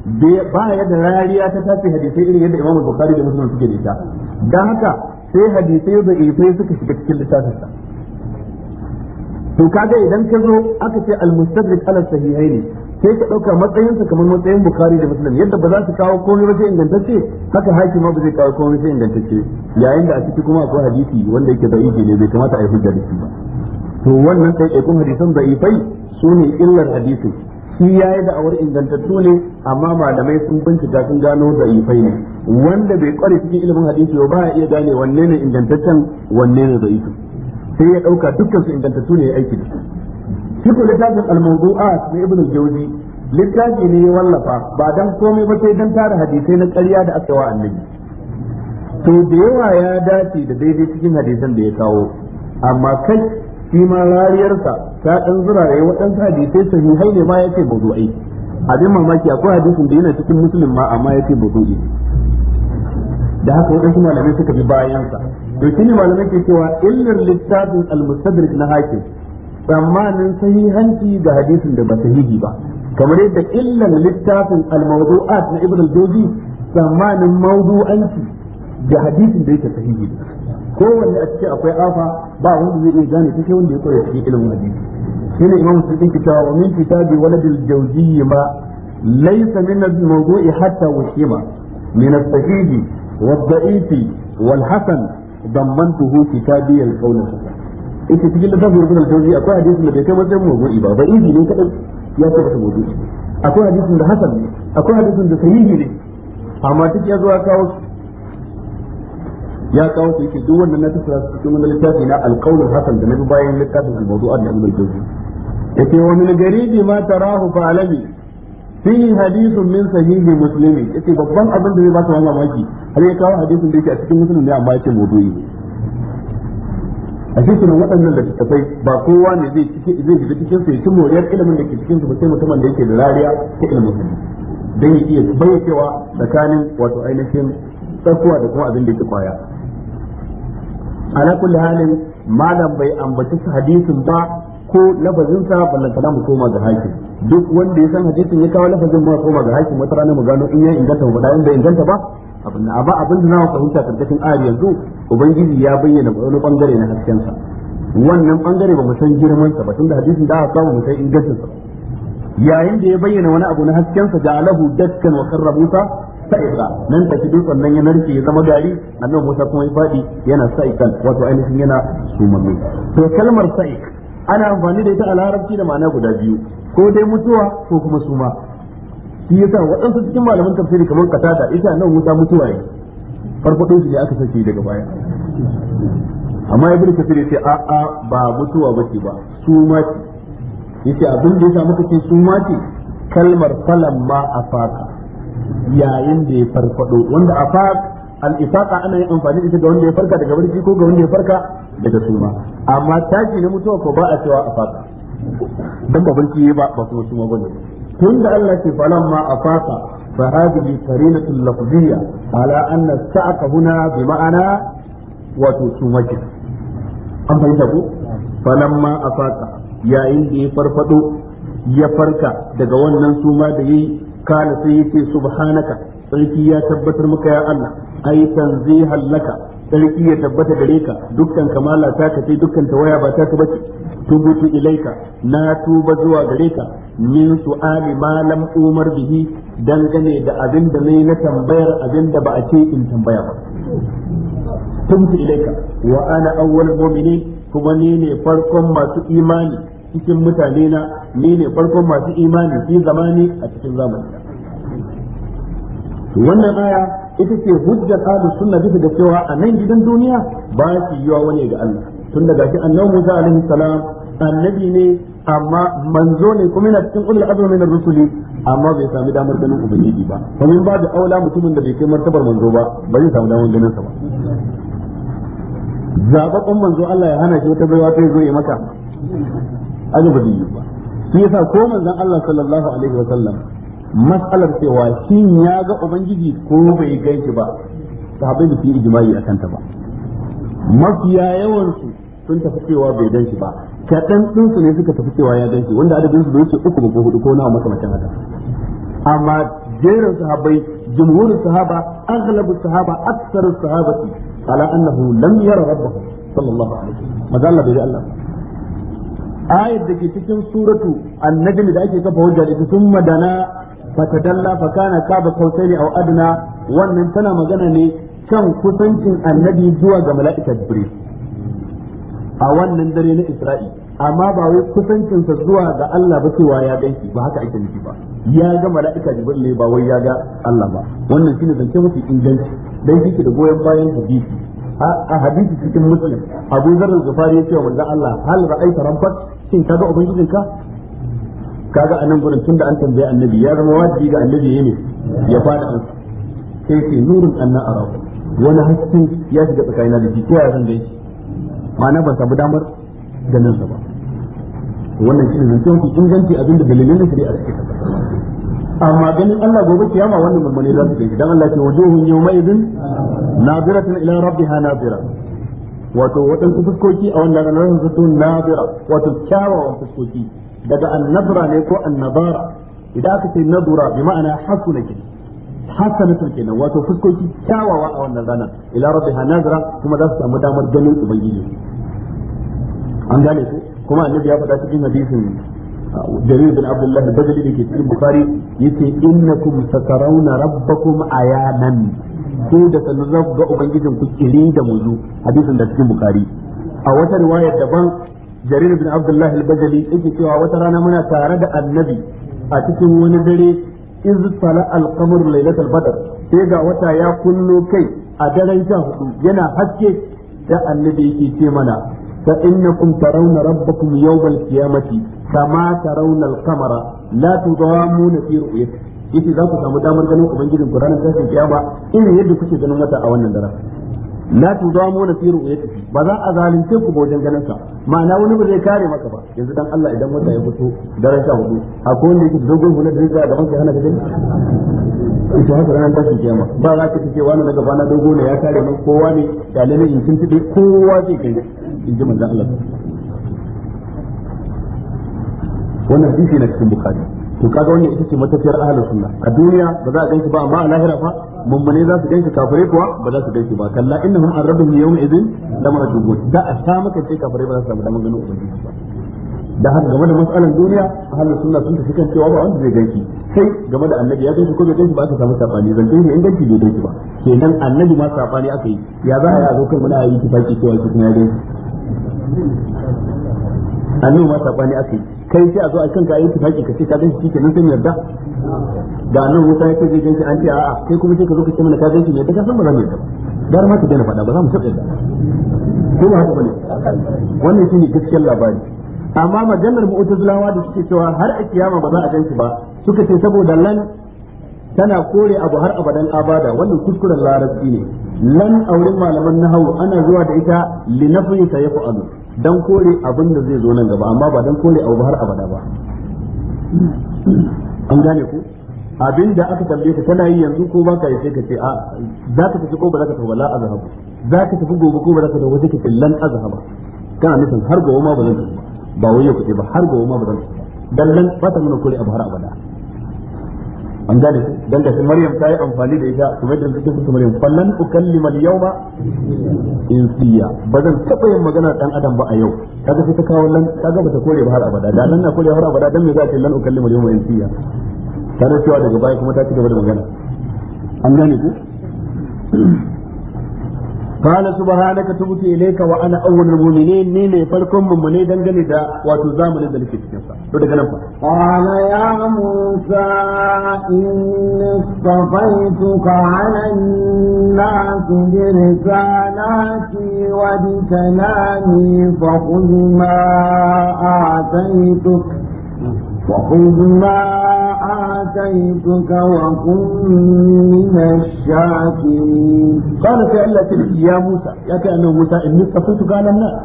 ba da rariya ta tafi hadisai irin yadda Imam Bukhari da Muslim suke da ita haka sai hadisai da ifai suka shiga cikin littafin sa to kaga idan ka zo aka ce al kalar ala sahihaini sai ka dauka matsayin sa kamar matsayin bukari da Muslim yadda ba za su kawo komai ba sai ingantacce haka ma ba zai kawo komai sai ingantacce yayin da a ciki kuma akwai hadisi wanda yake da'ifi ne bai kamata a yi hujja da shi ba to wannan sai ɗaiɗaikun hadisan da'ifai su ne illar hadisai shi ya yi da'awar ingantattu ne amma malamai sun bincika sun gano da ifai ne wanda bai kware cikin ilimin hadisi ba ya iya gane wanne ne ingantaccen wanne ne da'ifi sai ya dauka dukkan su ingantattu ne ya aiki da shi ko littafin al-mawdu'at na ibn al-jawzi littafi ne ya wallafa ba dan komai ba sai dan tara hadisai na karya da aka wa annabi to da yawa ya dace da daidai cikin hadisan da ya kawo amma kai shi ma rariyarsa ta ɗan zurare waɗansu hadisai sahihai ne ma yace mawdu'i abin mamaki akwai hadisin da yana cikin musulun ma amma yace mawdu'i da haka waɗansu malamai suka bi bayansa to shi ne malamai ke cewa illar littafin al na hakim tsammanin sahihanci ga hadisin da ba sahihi ba kamar yadda illar littafin al na ibn al-jawzi tsammanin mawdu'anci da hadisin da yake sahihi kowanne a cikin akwai afa ba wanda zai iya gane take wanda ya koya cikin ilimin hadisi shine imam musulmi ke cewa wa min kitabi waladil jawziyyi ma laysa min al-mawdu'i hatta wushima min as-sahihi wad-da'ifi wal-hasan dammantuhu kitabi al-qawl ita cikin littafin rubutun al-jawziyyi akwai hadisin da bai kai wajen mawdu'i ba ba izi ne kadai ya ce masa mawdu'i akwai hadisin da hasan ne akwai hadisin da sahihi ne amma duk ya zo ya kawo ya kawo su yake duk wannan na tattara su cikin wani littafi na alƙawlul hasan da na bi bayan littafin al-mawdu'at da ibn al-jawzi yace wa min garibi ma tarahu fa alabi fihi hadithun min sahih muslim yace babban abin da zai baka wannan mamaki har ya kawo hadisin da yake a cikin muslim ne amma yake mawdu'i a cikin waɗannan da tafai ba kowa ne zai cikin zai shiga cikin su ya ci moriyar ilimin da ke cikin su ba sai mutumin da yake da rariya ta ilimin hadisi dan ya iya bayyacewa tsakanin wato ainihin tsakuwa da kuma abin da yake kwaya ala kulli halin malam bai ambaci hadisin ba ko lafazin sa ballan kana mu koma ga hakim duk wanda ya san hadisin ya kawo lafazin ba koma ga hakim wata rana mu gano in ya inganta ba in bai inganta ba abin da ba abin da na fahimta karkashin ayar yanzu ubangiji ya bayyana wani bangare na hasken sa wannan bangare ba mu san girman sa ba tunda hadisin da aka kawo mu sai ingancin sa yayin da ya bayyana wani abu na hasken sa ja'alahu dakkan wa karra sa'ika nan take dutsen nan ya narke ya zama gari annabi Musa kuma ya fadi yana sa'ikan wato ainihin yana sumamme to kalmar sa'i ana amfani da ita a larabci da ma'ana guda biyu ko dai mutuwa ko kuma suma shi yasa waɗansu cikin malaman tafsiri kamar katada ita nan Musa mutuwa ne farfadon shi ne aka sace daga baya amma ibn kafir yace a a ba mutuwa bace ba suma ce yace abin da yasa muka ce suma ce kalmar falamma afaka yayin da ya farfado wanda fa al-ifaqa ana yin amfani da ita ga wanda ya farka daga barci ko ga wanda ya farka daga suma amma taki na mutuwa ko ba a cewa fa dan ba barci ba ba su suma bane tunda Allah ke falan ma a fa hadhihi qarinatu lafziyya ala anna sa'a huna bi ma'ana wato sumaki an fahimta ko falamma afaqa yayin da ya farfado ya farka daga wannan suma da yayi kana sai yace subhanaka sarki ya tabbatar maka ya Allah ai zai laka sarki ya tabbata gare ka dukkan kamala ta ka ce dukkan tawaya ba ta ka bace tubutu ilaika na tuba zuwa gare ka min su'ali Malam umar bihi dangane da abin da nayi na tambayar abin da ba a ce in tambaya ba tubutu ilaika wa'ana ana awwal mu'minin kuma ni farkon masu imani cikin mutane na ni ne farkon masu imani fi zamani a cikin zamani wannan aya ita ce hujjar ahlus sunna bisa da cewa a nan gidan duniya ba shi yiwa wani ga Allah tun daga shi annabi Musa alaihi salam annabi ne amma manzo ne kuma yana cikin ulul azmi na rusuli amma bai sami damar ganin ubangiji ba ba da aula mutumin da bai kai martabar manzo ba ba zai samu damar ganin sa ba zababban manzo Allah ya hana shi wata baiwa ta zo ya maka aje ba zai yi ba su yasa ko manzon Allah sallallahu alaihi wa sallam mas'alar cewa shin ya ga ubangiji ko bai ganshi ba sahabbai da su yi ijma'i akan ta ba mafiya yawan su sun tafi cewa bai ganshi ba kaɗan ɗinsu ne suka tafi cewa ya ganshi wanda adadin su bai wuce uku ba ko hudu ko nawa makamacin haka amma jerin sahabbai jumhurin sahaba aghlabu sahaba aktsaru sahabati ala annahu lam yara rabbahu sallallahu alaihi wasallam madalla bai Allah ayat da ke cikin suratu annajm da ake kafa hujja da sun madana fatadalla fakana kaba kautai au adna wannan tana magana ne kan kusancin annabi zuwa ga mala'ika jibril a wannan dare na isra'i amma ba wai kusancinsa zuwa ga Allah ba cewa ya ganki ba haka ake nufi ba ya ga mala'ika jibril ne ba wai ya ga Allah ba wannan shine zance mafi inganci dan yake da goyon bayan hadisi a hadisi cikin muslim abu zarra zufari ya ce wa manzon Allah hal ra'aita rabbak shin kaga ubangijinka kaga anan gurin tunda an tambaye annabi ya zama wajibi ga annabi yayi ya fada an sai ce nurun anna arahu wani hasken ya shiga tsakanina da shi ta yaya zan gaishe ma'ana ban samu damar ganin sa ba wannan shi ne zance mafi inganci abinda dalilin da shari'a suke tabbatarwa amma ganin Allah gobe kiyama wannan mummune za su kai dan Allah ce wujuhun yawma idin naziratun ila rabbiha nazira wato waɗansu fuskoki a wannan ranar su to nazira wato kyawawan fuskoki daga annabra ne ko annabara idan aka ce nadura bi ma'ana hasuna kenan hasanatul kenan wato fuskoki kyawawa a wannan ranar ila rabbiha nazira kuma za su samu damar ganin ubangiji an gane ku kuma annabi ya faɗa cikin hadisin jarir bin abdullah badali da ke cikin bukhari yace innakum satarawna rabbakum ayanan ko da sanin za ku ga ubangijin ku kiri da muzu hadisin da cikin bukhari a wata riwaya daban jarir bin Abdullahi al-bajali yake cewa wata rana muna tare da annabi a cikin wani dare iz tala al-qamar lailatul badr sai ga wata ya kullo kai a daren sha hudu yana haske da annabi yake ce mana fa innakum tarawna rabbakum yawmal qiyamati kama tarawna al-qamara la na fi ru'yati yace za ku samu damar ganin ubangijin ku ranar tashin kiyama irin yadda kuke ganin wata a wannan dara la na fi ru'yati ba za a zalunce ku ba wajen ganin sa ma'ana wani ba zai kare maka ba yanzu dan Allah idan wata ya fito daren sha hudu akwai wanda yake dogon hular da zai gaban ka hana ka gani ita haka ranar tashin kiyama ba za ka ce wani na gaba na dogo ne ya kare min kowa ne dalilin in kin tube kowa zai kai in ji manzon Allah wannan hadisi na cikin bukari to kaga wannan ita ce matafiyar ahlus sunna a duniya ba za a ganshi ba amma a lahira fa mummune za su ganshi kafirai kuwa ba za su ganshi ba kalla innahum an rabbihim yawma idin la dubu da a sa maka ce kafirai ba za su samu daman ganin ubangiji ba da haka game da matsalan duniya ahlus sunna sun ta kan cewa ba wanda zai ganshi sai game da annabi ya ganshi ko bai ganshi ba aka samu sabani zan ganshi in ganshi bai ganshi ba kenan annabi ma sabani aka yi ya za a yi a zo kai muna yi tafaki cewa shi kuma ya ganshi annabi ma sabani aka yi kai sai a zo a ka ayi tafaki ka ce ka ganshi kike nan sai yarda ga nan wuta ya zai ganshi an ce a kai kuma sai ka zo ka ce mana ka ganshi ne daga san ba za mu yarda dar ma ka daina faɗa ba za mu taɓa yarda ko ba haka bane wannan shine gaskiyar labari amma maganar mu'tazilawa da suke cewa har a kiyama ba za a ganshi ba suka ce saboda lan tana kore abu har abadan abada wannan kuskuren larabci ne lan auren malaman nahawu ana zuwa da ita linafi sayfu alu dan kore abin da zai zo nan gaba amma ba dan kore abu har abada ba an gane ku abin da aka tambaye ka kana yi yanzu ko ba ka yi sai ka ce a za ka tafi ko ba za ka tafi wala azhabu za ka tafi gobe ko ba za ka tafi wajen ka lan azhaba kana nufin har gobe ma ba zan tafi ba wai ya kuɗi ba har gobe ma ba zan tafi ba dan lan ba ta nuna kore abu har abada an gane dan da Maryam ta yi amfani da ita kuma da take su Maryam fallan ukallima al-yawma insiya bazan taba yin magana dan adam ba a yau kaga sai ta kawo nan kaga bata kore ba har abada da nan na kore har abada dan me za ta lan ukallima al-yawma insiya ta cewa daga baya kuma ta ci gaba da magana an gane ku qala subhanaka tubtu ilayka wa ana awwalul mu'minin ni ne farkon mummune dangane da wato zamanin da nake cikin sa to daga nan musa inni istafaytuka 'ala an-nas bi risalati wa bi kalami وخذ ما آتيتك وكن من الشاكرين قال فعلة يا موسى يا كأن موسى إني اصطفيتك على الناس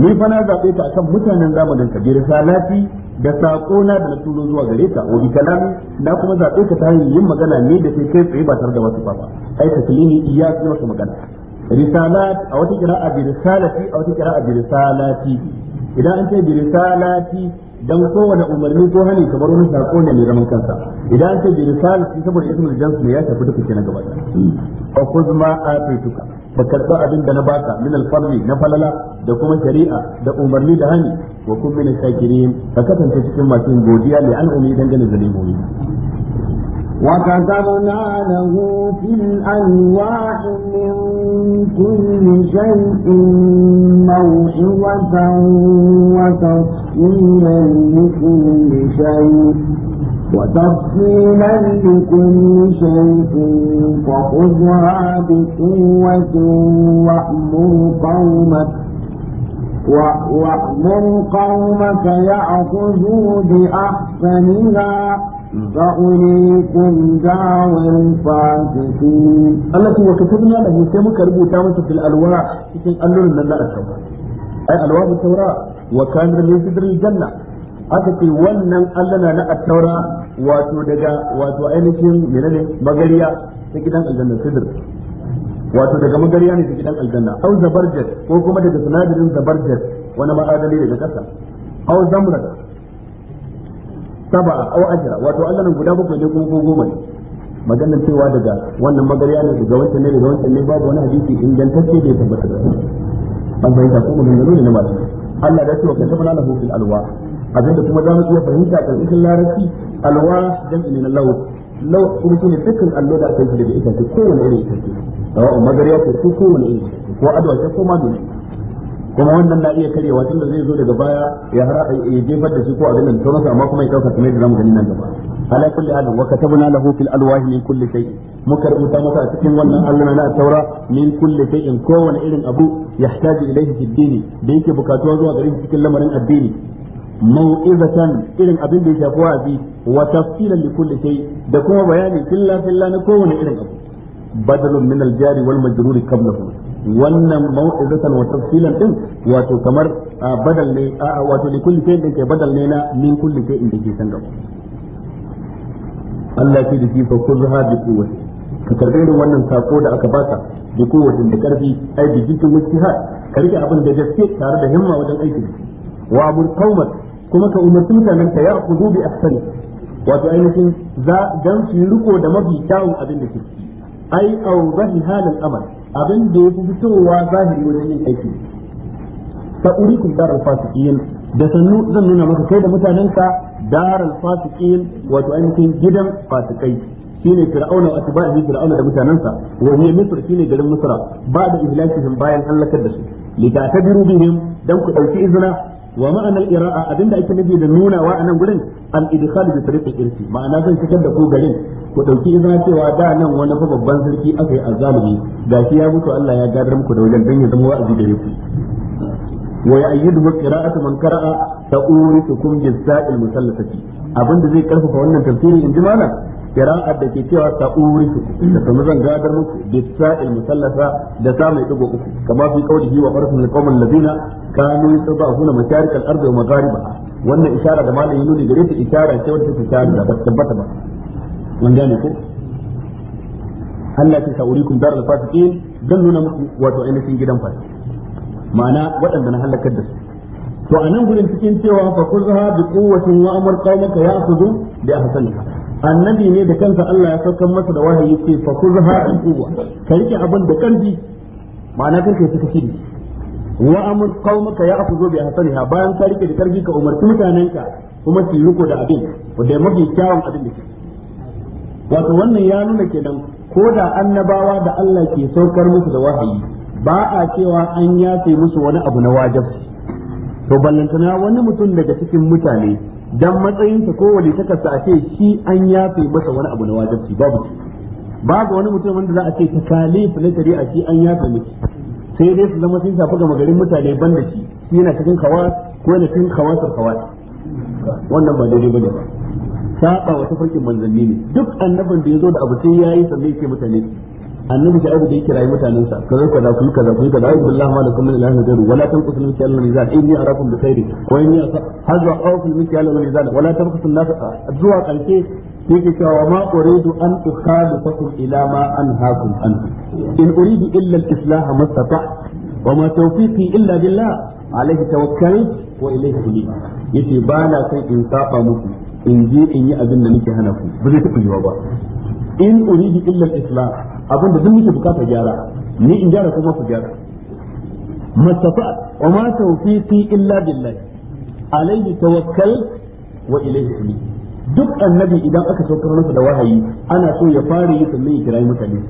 ni fa na zaɓe ka akan mutanen zamanin ka bi risalati da saƙona da na turo zuwa gare ka Wani kalami na kuma zaɓe ka ta hanyar yin magana ne da sai kai tsaye ba tare da wasu ba ai taklimi iya yi masa magana risalat a wata a bi risalati a wata a bi risalati idan an ce bi risalati dan kowane umarni ko hani kamar wani sako ne mai zaman kansa idan an ce bi risala shi saboda ismul jans ne ya tafi duka kenan gaba fa khudh ma atituka fa karba abin da na baka min al na falala da kuma shari'a da umarni da hani wa kun min shakirin ka katanta cikin masu godiya li an umi dangane da limomi وكتبنا له في الألواح من كل شيء موعظة تفصيلا لكل شيء وتفصيلا لكل شيء فخذها بقوة وأمر قومك وأمر قومك يأخذوا بأحسنها فأريكم دعوى الفاسقين التي وكتبنا له سيما كربو تامسة في الألواح في الألواح من لا التوراة أي ألواح التوراة wa kana min sidril janna aka ce wannan allana na attaura wato daga wato ainihin menene magariya ta gidan aljanna sidr wato daga magariya ne ta gidan aljanna au zabarjat ko kuma daga sinadarin zabarjat wani ma'adani daga kasa au zamrat Saba au ajra wato allanan guda bakwai ne kuma ko goma ne maganar cewa daga wannan magariya ne daga wancan ne daga wancan ne babu wani hadisi ingantacce da ya tabbata da an bayyana ko mun da ne na malamai Allah ya ce wa katabna lahu fil alwa abinda kuma zamu iya fahimta karkashin larabci alwa jam'i ne na lau law kuma shine dukkan allo da aka yi daga itace kowane irin itace sawa'un magarya ko kowane irin ko adwa ko ma ne kuma wannan na iya karyewa tunda zai zo daga baya ya har ya jefar da shi ko abin da sauransa amma kuma ya kauka kamar yadda zamu gani nan gaba ala kulli adam wa katabna lahu fil alwahi min kulli shay muka rubuta masa a cikin wannan alluna na taura min kulli ko kowane irin abu yahtaju ilayhi fid dini da yake bukatuwa zuwa gare shi cikin lamarin addini mau'izatan irin abin da ya shafi wa'azi wa tafsilan li kulli shay da kuma bayani filla filla na kowane irin abu badalun min al-jari wal majruri qablahu wannan mau'izatan wa tafsilan din wato kamar badal ne wato li kulli shay'in din kai badal ne na min kulli shay'in da ke san gaba Allah ke da shi fa kulluha bi quwwati ka karbe irin wannan sako da aka baka bi quwwatin da karfi ai bi jikin wajtihad ka rike abin da gaske tare da himma wajen aiki wa amur qaumat kuma ka umarci mutanen ka ya kudu bi ahsani wato ainihin za dan su riko da mafi kyawun abin da ke ai au zahi halal amal abin da ya fi fitowa zahiri wajen yin aiki fa urikum daral da sannu zan nuna maka kai da mutanenka Darar fasiqin wato ainihin gidan fasikai shine fir'auna wa atba'ihi fir'auna da mutanansa wa hiya misr shine garin misra da ihlakihim bayan halakar da su li ta'tabiru bihim dan ku dauki izina wa ma'ana al abin da ake naje da nunawa a nan wurin al-idkhal bi tariq al ma'ana zan cikar da ku ku ɗauki izina cewa da nan wani babban sarki aka yi a azalimi gashi ya mutu Allah ya gadar muku da wajen dan ya zama wa'azi da ku Waya wa ya'yidu qira'atu man qara'a ta'urisukum bis-sa'il musallasati abinda zai karfafa wannan tafsiri in ji mana qira'at da ke cewa ta'urisukum da kuma zan gadar muku bis musallata da ta mai dugo uku kama fi qawlihi wa qara'a al-qawmin ladina kanu yasbahuna masharik al-ardi wa magharibaha wannan isharar da malamin nuni gare ta isharar ce wanda take ta ba tabbata ba mun gane ko Allah ya sa urikum dar al-fasiqin dan nuna muku wato ainihin gidan fasiki ma'ana waɗanda na halakar da su to a nan gudun cikin cewa fa kuzha bi quwwatin wa amr qaumaka ya'khudhu bi ahsaniha annabi ne da kansa Allah ya saukar masa da wahayi ce fa kuzha bi quwwa ka rike abin da kanji ma'ana kar kai suka kidi wa amr qaumaka ya'khudhu bi ahsaniha bayan ka rike da karfi ka umarci mutanenka kuma su riko da abin wanda mafi kyawun abin da ke wato wannan ya nuna kenan ko da annabawa da Allah ke saukar musu da wahayi ba a cewa an yafe musu wani abu na wajib to ballantana wani mutum daga cikin mutane dan matsayinsa ko ta a ce shi an yafe masa wani abu na wajibci babu babu wani mutum wanda za a ce takalif na shari'a shi an yafe miki sai dai su zama sun shafi ga magarin mutane ban da shi shi yana cikin kawas ko yana cikin kawasar kawas wannan ba daidai bane ba saba wata farkin manzanni ne duk annabin da ya zo da abu sai yayi sannan yake mutane annabi shi abu da yake rayu mutanen sa kaza kaza kun kaza kun kaza ayyuhu billahi ma min ilahin ghayru wala tanqusu min shay'in min zan inni arakum bi khairin wa inni hazwa awfu min shay'in min zan wala tanqusu an-nas zuwa karshe yake cewa ma uridu an ukhalifakum ila ma anhaakum an in uridu illa al-islah ma wa ma tawfiqi illa billah alayhi tawakkaltu wa ilayhi unib yace bana na in saba muku in je in yi abin da nake hana ku ba zai taɓa yiwa ba in uridu illa islam abinda duk muke bukata gyara ni in gyara kuma ku gyara mastafa wa ma tawfiqi illa billah alayhi tawakkal wa ilayhi unib duk annabi idan aka saukar masa da wahayi ana so ya fara yi sannan ya kirayi mutane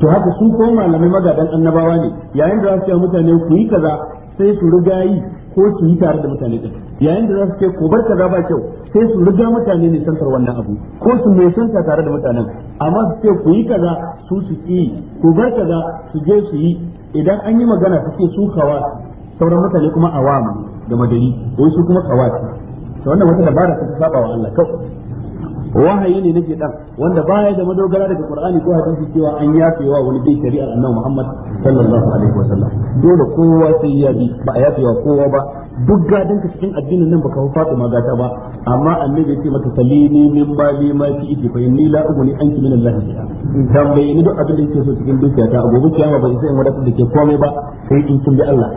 to haka sun ko malamai magadan annabawa ne yayin da za su ce mutane ku yi kaza sai su riga yi ko su yi tare da mutane din yayin da za su ce ko bar kaza ba kyau sai su riga mutane ne santar wannan abu ko su mai santa tare da mutanen amma su ce ku yi kaza su su ki ko bar kaza su je su yi idan an yi magana su ce su sauran mutane kuma awam da madari wai su kuma kawa ta wannan wata dabara ta saba wa Allah kawai wahayi ne nake dan wanda baya da madogara daga qur'ani ko hadisi cewa an yafe wa wani bin shari'ar annabi muhammad sallallahu alaihi wasallam dole kowa sai ya bi ba a yafe wa kowa ba duk gadon ka cikin addinin nan baka fadi ma gata ba amma annabi yace mata salini min bali ma fi idi fa inni la uguni anki min allah shay'a bai ni duk abin da yake so cikin dukiya ta agogo kiyama ba sai in wadatar da ke komai ba sai in kin bi allah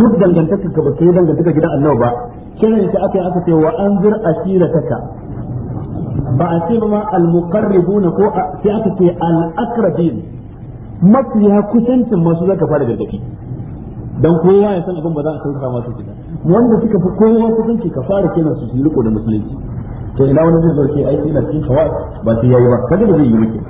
duk dangantaka ka ba sai dangantaka gidan annabi ba kiran shi aka yi aka ce wa anzir asirataka ba a ce ma al na ko sai aka ce al-aqrabin mafiya kusancin masu zaka fara gargadi dan kowa ya san abin ba za a sauka masu kida wanda suka fi kowa kusanci ka fara kenan su yi riko da musulunci to ina wani zai zauke aiki na cikin hawa ba sai yayi ba kaga da zai yi miki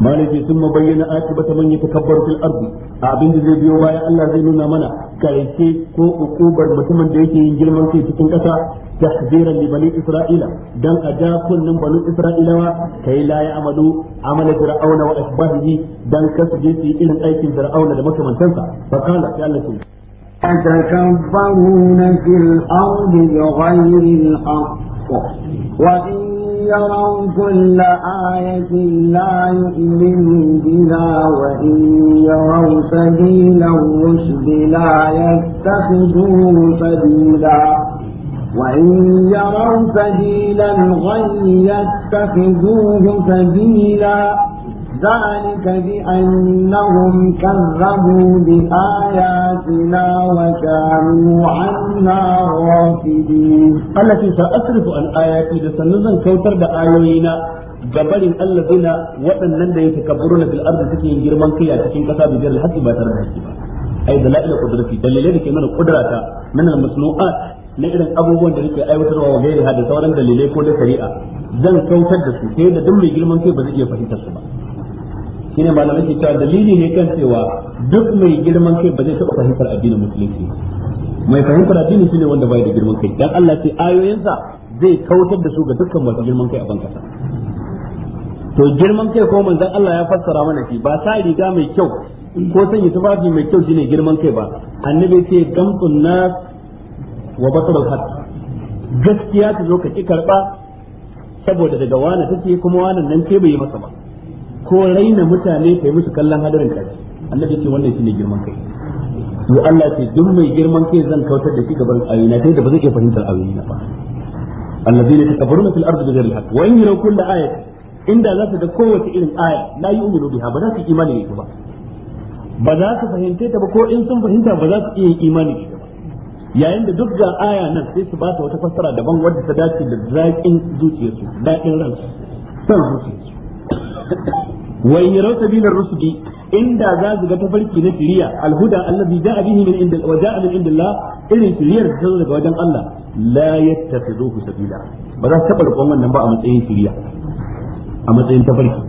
malaki sun mabayyana akibata ta yatakabbaru fil ardi abin da zai biyo baya Allah zai nuna mana karshe ko ukubar mutumin da yake yin girman kai cikin kasa تحذيرا لبني إسرائيل دان أجا كل من بنو إسرائيل كي لا يعملوا عمل فرعون وأشباهه دان كسجي في إذن أيك فرعون لمكة من تنسى فقال يا الله يتكبرون في الأرض بغير الحق وإن يروا كل آية لا يؤمنوا بها وإن يروا سبيل الرشد لا يتخذوه سبيلا وإن يروا سبيل الغي يتخذوه سبيلا ذلك بأنهم كذبوا بآياتنا وكانوا عنا غافلين التي سأصرف عن آياتي لسنزن كوتر بآيوينا gabarin allazina waɗannan da yake kaburuna fil da suke yin girman kai a cikin ƙasa bi jiril haqqi ba tare da haƙƙi ba ai dalail qudrati dalilai da ke nuna ƙudurata min al masnu'at na irin abubuwan da suke aiwatarwa wa gairi da sauran dalilai ko da shari'a zan kautar da su sai da duk mai girman kai ba zai iya fahimtar su ba shine malamai ke cewa dalili ne kan cewa duk mai girman kai ba zai taɓa fahimtar addinin musulunci mai fahimtar addini shine wanda bai da girman kai dan Allah ce ayoyinsa zai kautar da su ga dukkan masu girman kai a ban kasa to girman kai ko manzon Allah ya fassara mana shi ba sa riga mai kyau ko sanya tufafi mai kyau shine girman kai ba annabi ce gamsun nas wa basarul haq gaskiya ta zo ka ci karba saboda daga wani ce kuma wani nan ke bai yi masa ba ko raina mutane kai musu kallon hadarin kai annabi ce wannan shine girman kai to Allah ce duk mai girman kai zan kautar da shi gaban ayyuna kai da ba zai iya fahimtar ayyuna ba alladhina takabbaruna fil ardi bighayri al-haqq wa in yaraw kull ayat inda za su ga kowace irin aya la yu'minu biha ba za su imani ne ba ba za su fahimce ta ba ko in sun fahimta ba za su iya imani ne yayin da duk ga aya nan sai su ba ta wata fassara daban wadda ta dace da zaƙin zuciyarsu daɗin ransu son zuciyarsu wai yarau sabilar rusuli inda za su ga tafarki na firiya alhuda allazi ja'a bihi min inda wa ja'a min indillah irin shiriyar ta daga wajen Allah la yattakhiduhu sabila ba za su taɓa rikon wannan ba a matsayin firiya a matsayin tafarki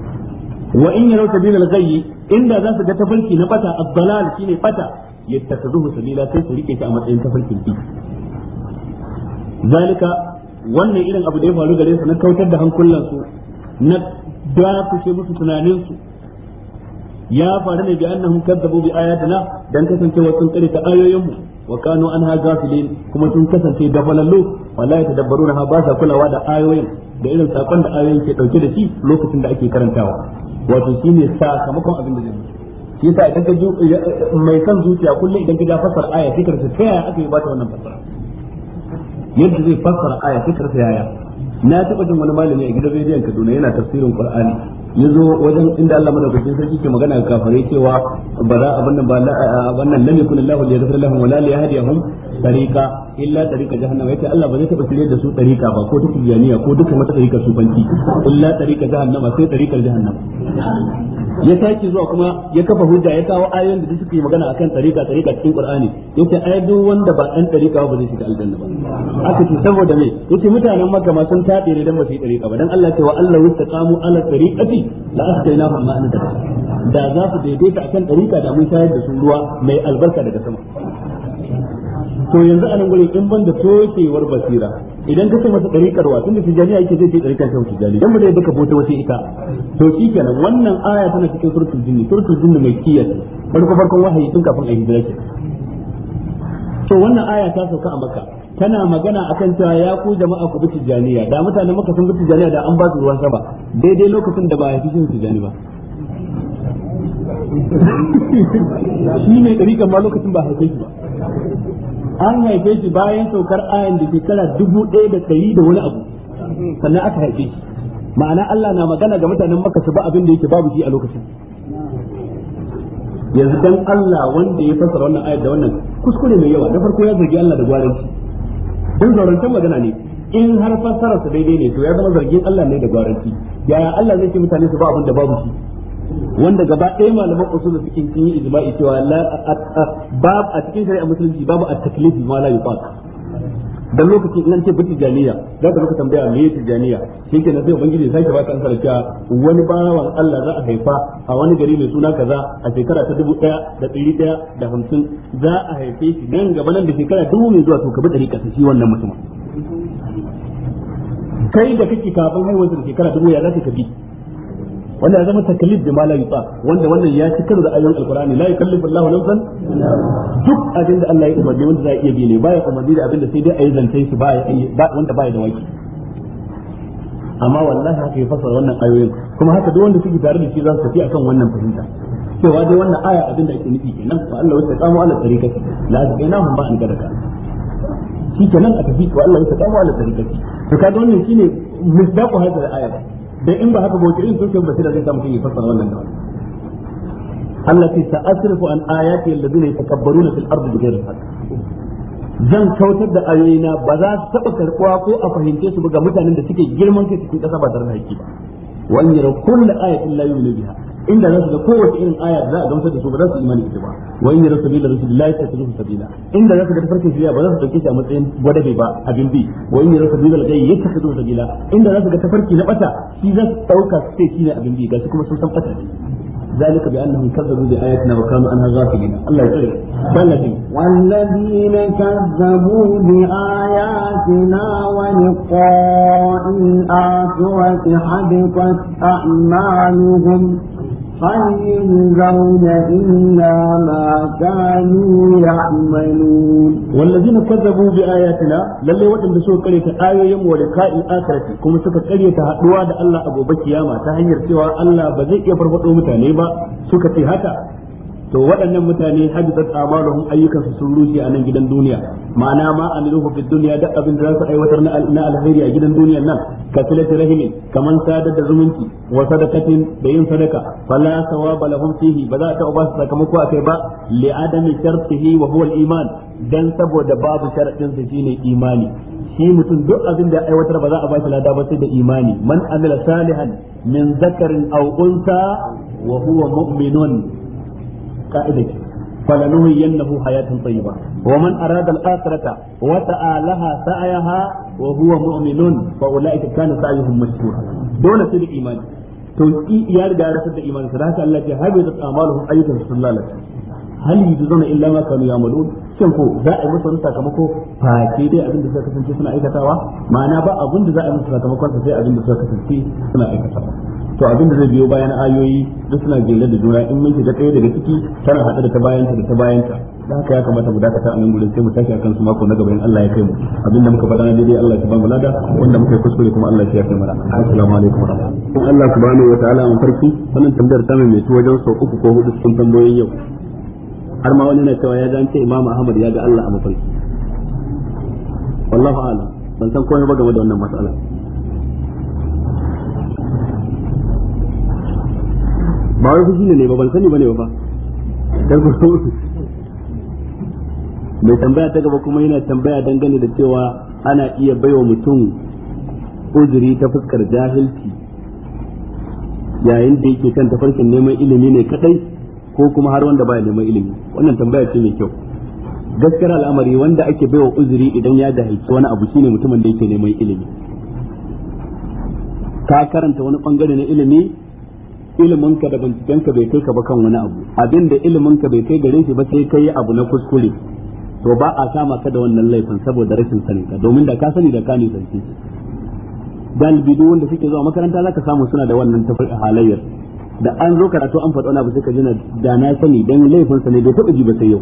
wa in yarau sabilar ghayyi inda za su ga tafarki na bata ad-dalal shine bata yattakhadhuhu sabila sai su rike shi a matsayin tafarkin bi zalika wannan irin abu da ya faru gare su na da hankulan su na dakushe musu tunanin su ya faru ne bi annahum kazzabu bi ayatina dan kasancewa sun kare ta ayoyin mu wa kanu anha kuma sun kasance dabalallu wallahi tadabbaruna ha ba basa kulawa da ayoyin da irin sakon da ayoyin ke dauke da shi lokacin da ake karantawa wato shine sakamakon abin da zai shi yasa idan ka mai san zuciya kullum idan ka ga fasar aya fikar ta ta yaya aka yi ba ta wannan fasara yadda zai fasar aya fikar ta yaya na taba jin wani malami a gidan rediyon Kaduna yana tafsirin Qur'ani yazo wajen inda Allah madaukakin sarki ke magana ga kafirai cewa ba za a nan ba wannan lam yakun Allah li yaghfir lahum wala la li yahdihum tariqa illa tariqa jahannama yace Allah ba zai taba shirye da su tariqa ba ko duk yaniya ko duk wata tariqa sufanci illa tariqa jahannama sai tariqar jahannama ya sake zuwa kuma ya kafa hujja ya kawo ayoyin da suke magana akan tarika tarika cikin Qur'ani yace ai duk wanda ba dan tarika ba zai shiga aljanna ba aka ce saboda me yace mutanen Makka ma sun tabe ne dan ba su yi tarika ba dan Allah ce wa Allah wastaqamu ala tariqati la askainahum ma ma'an da Da za su daidaita akan tarika da mun shayar da su ruwa mai albarka daga sama to yanzu anan gurin in ban da toshewar basira idan ka ce masa dariƙar wa tunda tijaniya yake zai ce dariƙar shehu tijani dan ba duka baka bota wace ita to shi kenan wannan aya tana cikin suratul jinni suratul jinni mai kiyaye farko farkon wahayi tun kafin a hijira ke to wannan aya ta sauka a makka tana magana akan cewa ya ku jama'a ku bi tijaniya da mutanen makka sun bi tijaniya da an ba su ruwan sama daidai lokacin da ba ya fi tijani ba shi ne dariƙar ma lokacin ba haife shi ba an haife shi bayan saukar ayan da shekara dubu ɗaya da ɗari da wani abu sannan aka haife shi ma'ana Allah na magana ga mutanen maka su ba abin da yake babu shi a lokacin yanzu dan Allah wanda ya fasara wannan ayat da wannan kuskure mai yawa na farko ya zargi Allah da gwaranci dan zaurantar magana ne in har fasara su daidai ne to ya zama zargin Allah ne da gwaranci yaya Allah zai ce mutane su ba abin da babu shi wanda gaba ɗaya malaman usul cikin sun yi ijma'i cewa la bab a cikin shari'a musulunci babu at-taklifi ma la yuqat dan lokacin nan ce bi janiya za ka tambaya me yake janiya shi ke na sai ubangiji sai ka baka ansar cewa wani bawan Allah za a haifa a wani gari mai suna kaza a shekara ta dubu ɗaya da ɗaya da hamsin za a haife shi nan gaba nan da shekara dubu mai zuwa to ka bi dariƙa shi wannan mutumin kai da kake kafin haihuwar da shekara dubu ya za ka bi wannan ya zama taklif bi ma la yuta wanda wannan ya ci karo da ayoyin alqur'ani la yukallifu Allahu nafsan duk abin da Allah ya umarni wanda za a iya bi ne baya umarni da abin da sai dai ayi zantai shi baya wanda baya da waki amma wallahi haka ya fasara wannan ayoyin kuma haka duk wanda suke tare da shi za su tafi akan wannan fahimta cewa dai wannan aya abin da ake nufi kenan fa Allah ya tsamo ala tariqati la azqinahum ba'an kadaka shi kenan a tafi wa Allah ya tsamo ala tariqati to kaga wannan shine misdaqu hadal aya dan in ba haka ba wace irin sun basira zai samu kai fassara wannan da Allah ce ta asrifu an ayati alladhina yatakabbaruna fil ardi bighayri haqq zan kautar da ayoyina ba za su taba karbuwa ko a fahimce su ba ga mutanen da suke girman kai cikin kasa ba tare da haƙƙi ba wa an yara kullu ayatin la yu'minu biha inda za su ga kowace irin aya za a gamsar da su ba za su imani ita ba wa in yara sabila rasulillahi ta tazuhu sabila inda za su ga tafarkin shari'a ba za su dauke shi a matsayin ba abin bi wa in yara sabila gai ya sabila inda za su ga tafarki na bata shi za su dauka su ce shi ne abin bi gashi kuma sun san bata ذلك بأنهم كذبوا بآياتنا وكانوا عنها غافلين الله يسلمك والذين كذبوا بآياتنا ولقاء الآخرة حبطت أعمالهم هل يجزون إلا ما كانوا يعملون والذين كذبوا بآياتنا للي وطن بسوء قرية آية يوم ولقاء آخرتي كما سكت قرية هدوا الله أبو بكيامة تهير سوى الله بزيء يفرفضوا متانيبا سكت هكا to waɗannan mutane hajjatat amaluhum ayyukan su sun rushe a nan gidan duniya ma'ana ma amiluhu fid dunya da abin da za su aiwatar na alheri a gidan duniyar nan ka silati rahimi kaman sadar da zumunci wa sadaqatin da yin sadaka fala sawaba lahum fihi ba za ta ba su sakamako akai ba li adami shartihi wa huwa iman dan saboda babu sharadin su shine imani shi mutum duk abin da aiwatar ba za a ba shi lada ba sai da imani man amila salihan min zakarin aw unsa wa huwa mu'minun ka'ida ce فلنهينه حياة طيبة ومن أراد الآخرة وسعى لها سعيها وهو مؤمن فأولئك كان سعيهم مشكورا دون سر إيمان to ya riga ya rasar da imanin sa haka Allah ya haɓe da amaluhum ayyukan sun lalace hal yujzuna illa ma kanu ya'malun shin ko za a yi musu wani sakamako fa dai abin suka kasance suna aikatawa ma'ana ba da za a yi musu sakamakon sai suka kasance suna aikatawa to abinda zai biyo bayan ayoyi duk suna jere da juna in mun shiga ɗaya daga ciki tana haɗe da ta bayanta da ta bayanta da haka ya kamata mu dakata a nan gurin sai mu tashi akan su mako na gaba in Allah ya kai mu abinda muka faɗa na daidai Allah ya ba mu lada wanda muka yi kuskure kuma Allah ya kai mu lada assalamu alaikum warahmatullahi rahmatullahi Allah subhanahu wataala ta'ala mun farki wannan tambayar ta mai to wajen sau uku ko hudu sun tambayoyin yau har ma wani na cewa ya ga ce Imam Ahmad ya ga Allah a mafarki wallahu a'lam ban san komai ba game da wannan matsalar ba wai fushi ne ba ban sani bane ba dan mai tambaya ta gaba kuma yana tambaya dangane da cewa ana iya baiwa mutum uzuri ta fuskar jahilci yayin da yake kan tafarkin neman ilimi ne kadai ko kuma har wanda baya neman ilimi wannan tambaya ce mai kyau gaskiyar al'amari wanda ake baiwa uzuri idan ya jahilci wani abu shine mutumin da yake neman ilimi ka karanta wani bangare na ilimi ilimin ka da binciken ka bai kai ka ba kan wani abu abinda ilimin ka bai kai gare shi ba sai kai abu na kuskure to ba a sama ka da wannan laifin saboda rashin sanin ka domin da ka sani da ka ne sarki dalibi duk wanda suke zuwa makaranta zaka samu suna da wannan halayyar da an zo karatu an faɗa wani abu sai ka jina da na sani dan laifin sa ne bai taɓa ji ba sai yau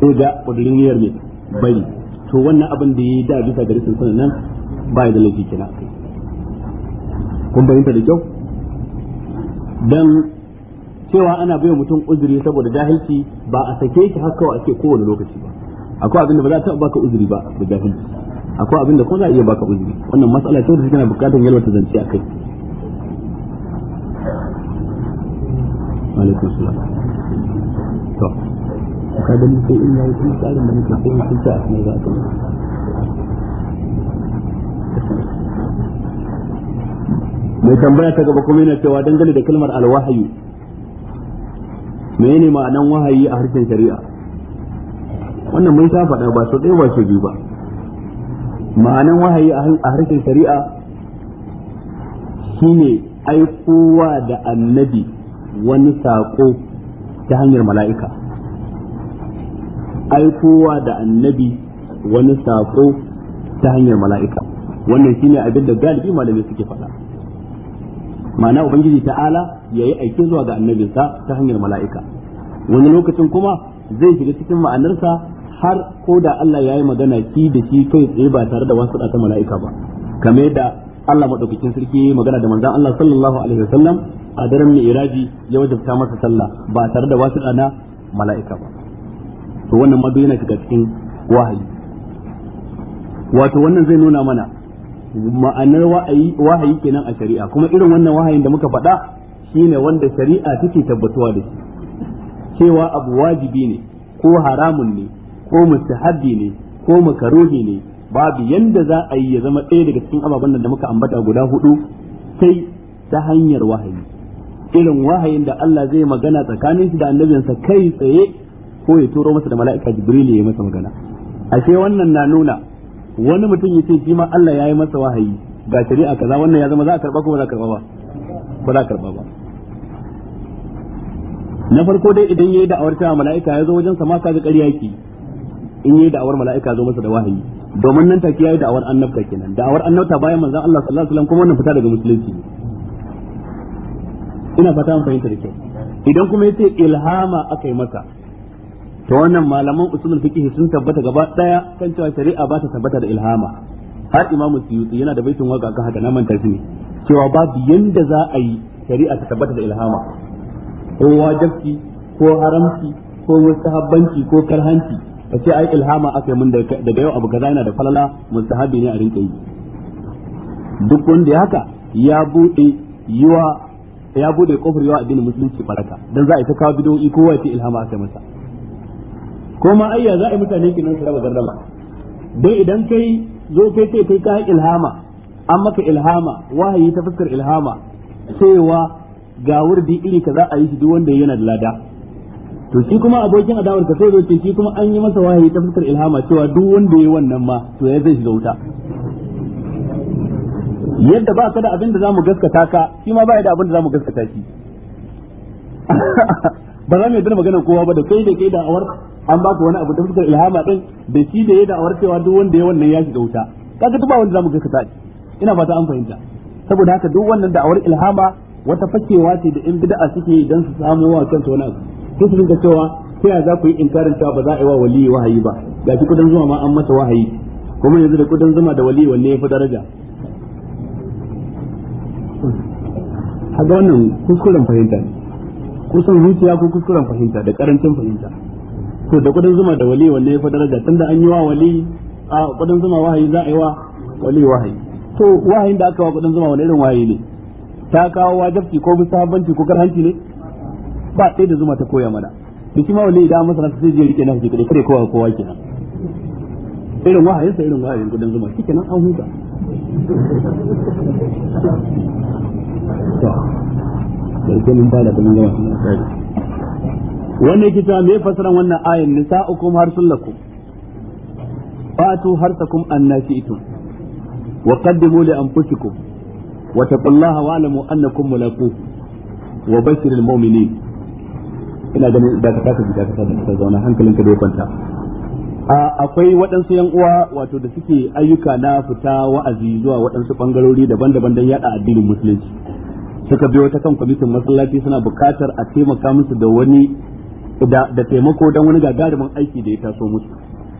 sai ga kudirin niyyar ne bai to wannan abin da yayi da bisa da rashin sanin nan ba da laifi kina kun bayyana da kyau dan cewa ana baiwa mutum uzuri saboda jahilci ba a sake shi har kawai ake kowane lokaci ba akwai abin da ba za ta baka uzuri ba da jahilci akwai abin da kuma za a iya baka uzuri wannan matsala ce da tana bukatar yalwata zance a kai alaikum salam to ka da muke in yayi tsarin da sai a cikin mai tambaya ta gaba kuma yana cewa dangane da kalmar alwahayi menene ma'anan wahayi a harshen shari'a wannan mai ta faɗa ba so ɗaya ba so biyu ba ma'anan wahayi a harshen shari'a shine aikowa da annabi wani saƙo ta hanyar mala'ika aikowa da annabi wani saƙo ta hanyar mala'ika wannan shine abin da galibi malamai suke faɗa ma'ana ubangiji ta'ala yi aiki zuwa ga annabinsa ta hanyar mala'ika wani lokacin kuma zai shiga cikin ma'anarsa har ko da Allah ya yi magana shi da shi kai tsaye ba tare da wasu ta mala'ika ba kamar yadda Allah madaukakin sarki magana da manzon Allah sallallahu alaihi wasallam a daren mi'raji ya wajabta masa sallah ba tare da wasu na mala'ika ba to wannan ma yana shiga cikin wahayi wato wannan zai nuna mana ma'anar wahayi kenan a shari'a kuma irin wannan wahayin da muka faɗa shine wanda shari'a take tabbatuwa da shi cewa abu wajibi ne ko haramun ne ko mustahabbi ne ko makaruhi ne babu yanda za a yi ya zama ɗaya daga cikin ababen nan da muka ambata guda hudu sai ta hanyar wahayi irin wahayin da Allah zai magana tsakanin shi da annabinsa kai tsaye ko ya turo masa da mala'ika jibril ya yi masa magana ashe wannan na nuna wani mutum yace shi ma Allah yayi masa wahayi ga shari'a kaza wannan ya zama za a karba ko ba za a karba ba ba za a karba ba na farko dai idan yayi da'awar cewa mala'ika ya zo wajen sa ma kaga ƙarya yake in yayi da'awar mala'ika zo masa da wahayi domin nan take yayi da'awar annabta kenan da'awar annabta bayan manzon Allah sallallahu alaihi wasallam kuma wannan fita daga musulunci ina fata an fahimta da kyau idan kuma yace ilhama akai maka. to wannan malaman usulul fiqh sun tabbata gaba daya kan cewa shari'a ba ta tabbata da ilhama har imamu suyuti yana da baitin waka kan haka na manta shi ne cewa babu yanda za a yi shari'a ta tabbata da ilhama ko wajibi ko haramci ko mustahabbanci ko karhanci a ce ai ilhama aka yi mun daga yau abu kaza yana da falala mustahabi ne a rinka yi duk wanda ya haka ya bude yiwa ya bude kofar yawa addinin musulunci baraka dan za a yi ta kawo bidoyi kowa ya ce ilhama aka masa ko ma ayya za a yi mutane kinan su raba gardama dai idan kai zo kai ce kai ka ilhama an maka ilhama wahayi ta fuskar ilhama cewa ga wurdi iri za a yi shi duk wanda yana da lada to shi kuma abokin adawar ka sai zo ce shi kuma an yi masa wahayi ta fuskar ilhama cewa duk wanda yayi wannan ma to ya zai shiga wuta yadda ba ka da abin da zamu gaskata ka shi ma ba ya da abin da zamu gaskata shi [laughs] ba za mu yi magana kowa ba da kai da kai da awar an ba ka wani abu da fuskar ilhama din da shi da ya da'awar cewa duk wanda ya wannan ya shiga wuta kaga duk ba wanda zamu tsaki ina fata an fahimta saboda haka duk wannan da'awar ilhama wata fakewa ce da in bid'a suke idan su samu wa kanta wani abu sai su dinga cewa ta ya za ku yi inkarin cewa ba za a yi wa wali wahayi ba ga shi kudin zuma ma an mata wahayi kuma yanzu da kudin zuma da wali wanne ya fi daraja haga wannan kuskuren fahimta ne kusan zuciya ko kuskuren fahimta da karancin fahimta to da kudin zuma da wali wanne ya fi daraja tunda an yi wa wali a kudin zuma wahayi za a yi wa wali wahayi to wahayin da aka wa kudin zuma wani irin wahayi ne ta kawo wajabci ko musahabanci ko karhanci ne ba sai da zuma ta koya mana da shi ma wali idan masa ta sai je rike na hakika kare kowa kowa kenan irin wahayin sa irin wahayin kudin zuma shikenan an huta to da ganin ba da wannan yake cewa me fasaran wannan ayan nisa'ukum harsulakum fatu harsakum annasiitum wa qaddimu li anfusikum wa taqullaha wa alamu annakum mulaku wa bashiril mu'minin ina ganin da ka kasa ji ka kasa zauna hankalinka da kwanta akwai waɗansu yan uwa wato da suke ayyuka na fita wa'azi zuwa waɗansu ɓangarori daban-daban don yaɗa addinin musulunci suka biyo ta kan kwamitin masallaci suna buƙatar a taimaka musu da wani da da taimako dan wani gagarumin aiki da ya taso musu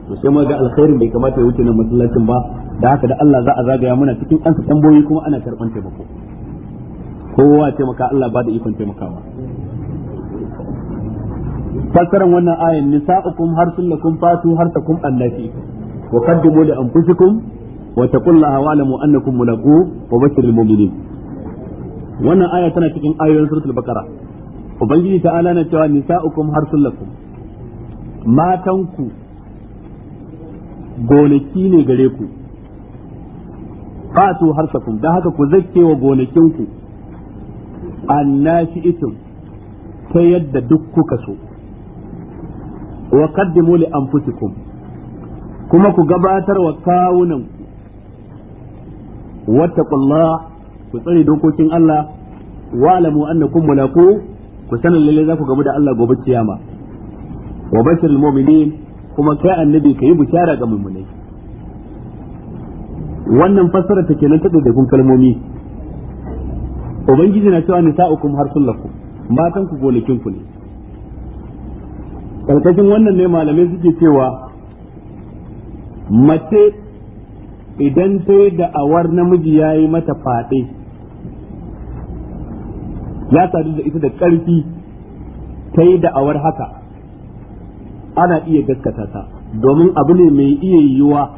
to sai mun ga alkhairin bai kamata ya wuce nan masallacin ba da haka da Allah za a zagaya muna cikin an tambayoyi tamboyi kuma ana karban taimako kowa taimaka Allah ba da ikon taimakawa fassaran wannan ayan nisa'ukum har lakum fatu takum annati wa qaddimu li anfusikum wa taqullaha wa alamu annakum mulaqu wa bashiril mu'minin wannan aya tana cikin ayoyin suratul baqara ubangiji ala na cewa nisa'ukum harsulakum matanku gonaki ne gare ku fatu harsakum don haka ku wa gonakinku nashi itin ta yadda duk kuka so wa qaddimu li anfusikum kuma ku gabatar wa kawunan wattaqullah ku tsare dokokin Allah wa'lamu annakum mulaku ku sanin lalle za ku gamu da Allah gobe kiyama wa bashirul mu'minin kuma kai annabi kai bishara ga mu'minai wannan fassara take nan ta gun kalmomi ubangiji na cewa nisa'ukum harsul lakum matan ku gonakin ku ne karkashin wannan ne malamai suke cewa mace idan sai da awar namiji ya yi mata faɗe ya sadu da ita da ƙarfi ta yi da'awar haka ana iya gaskata ta domin abu ne mai iya yiwuwa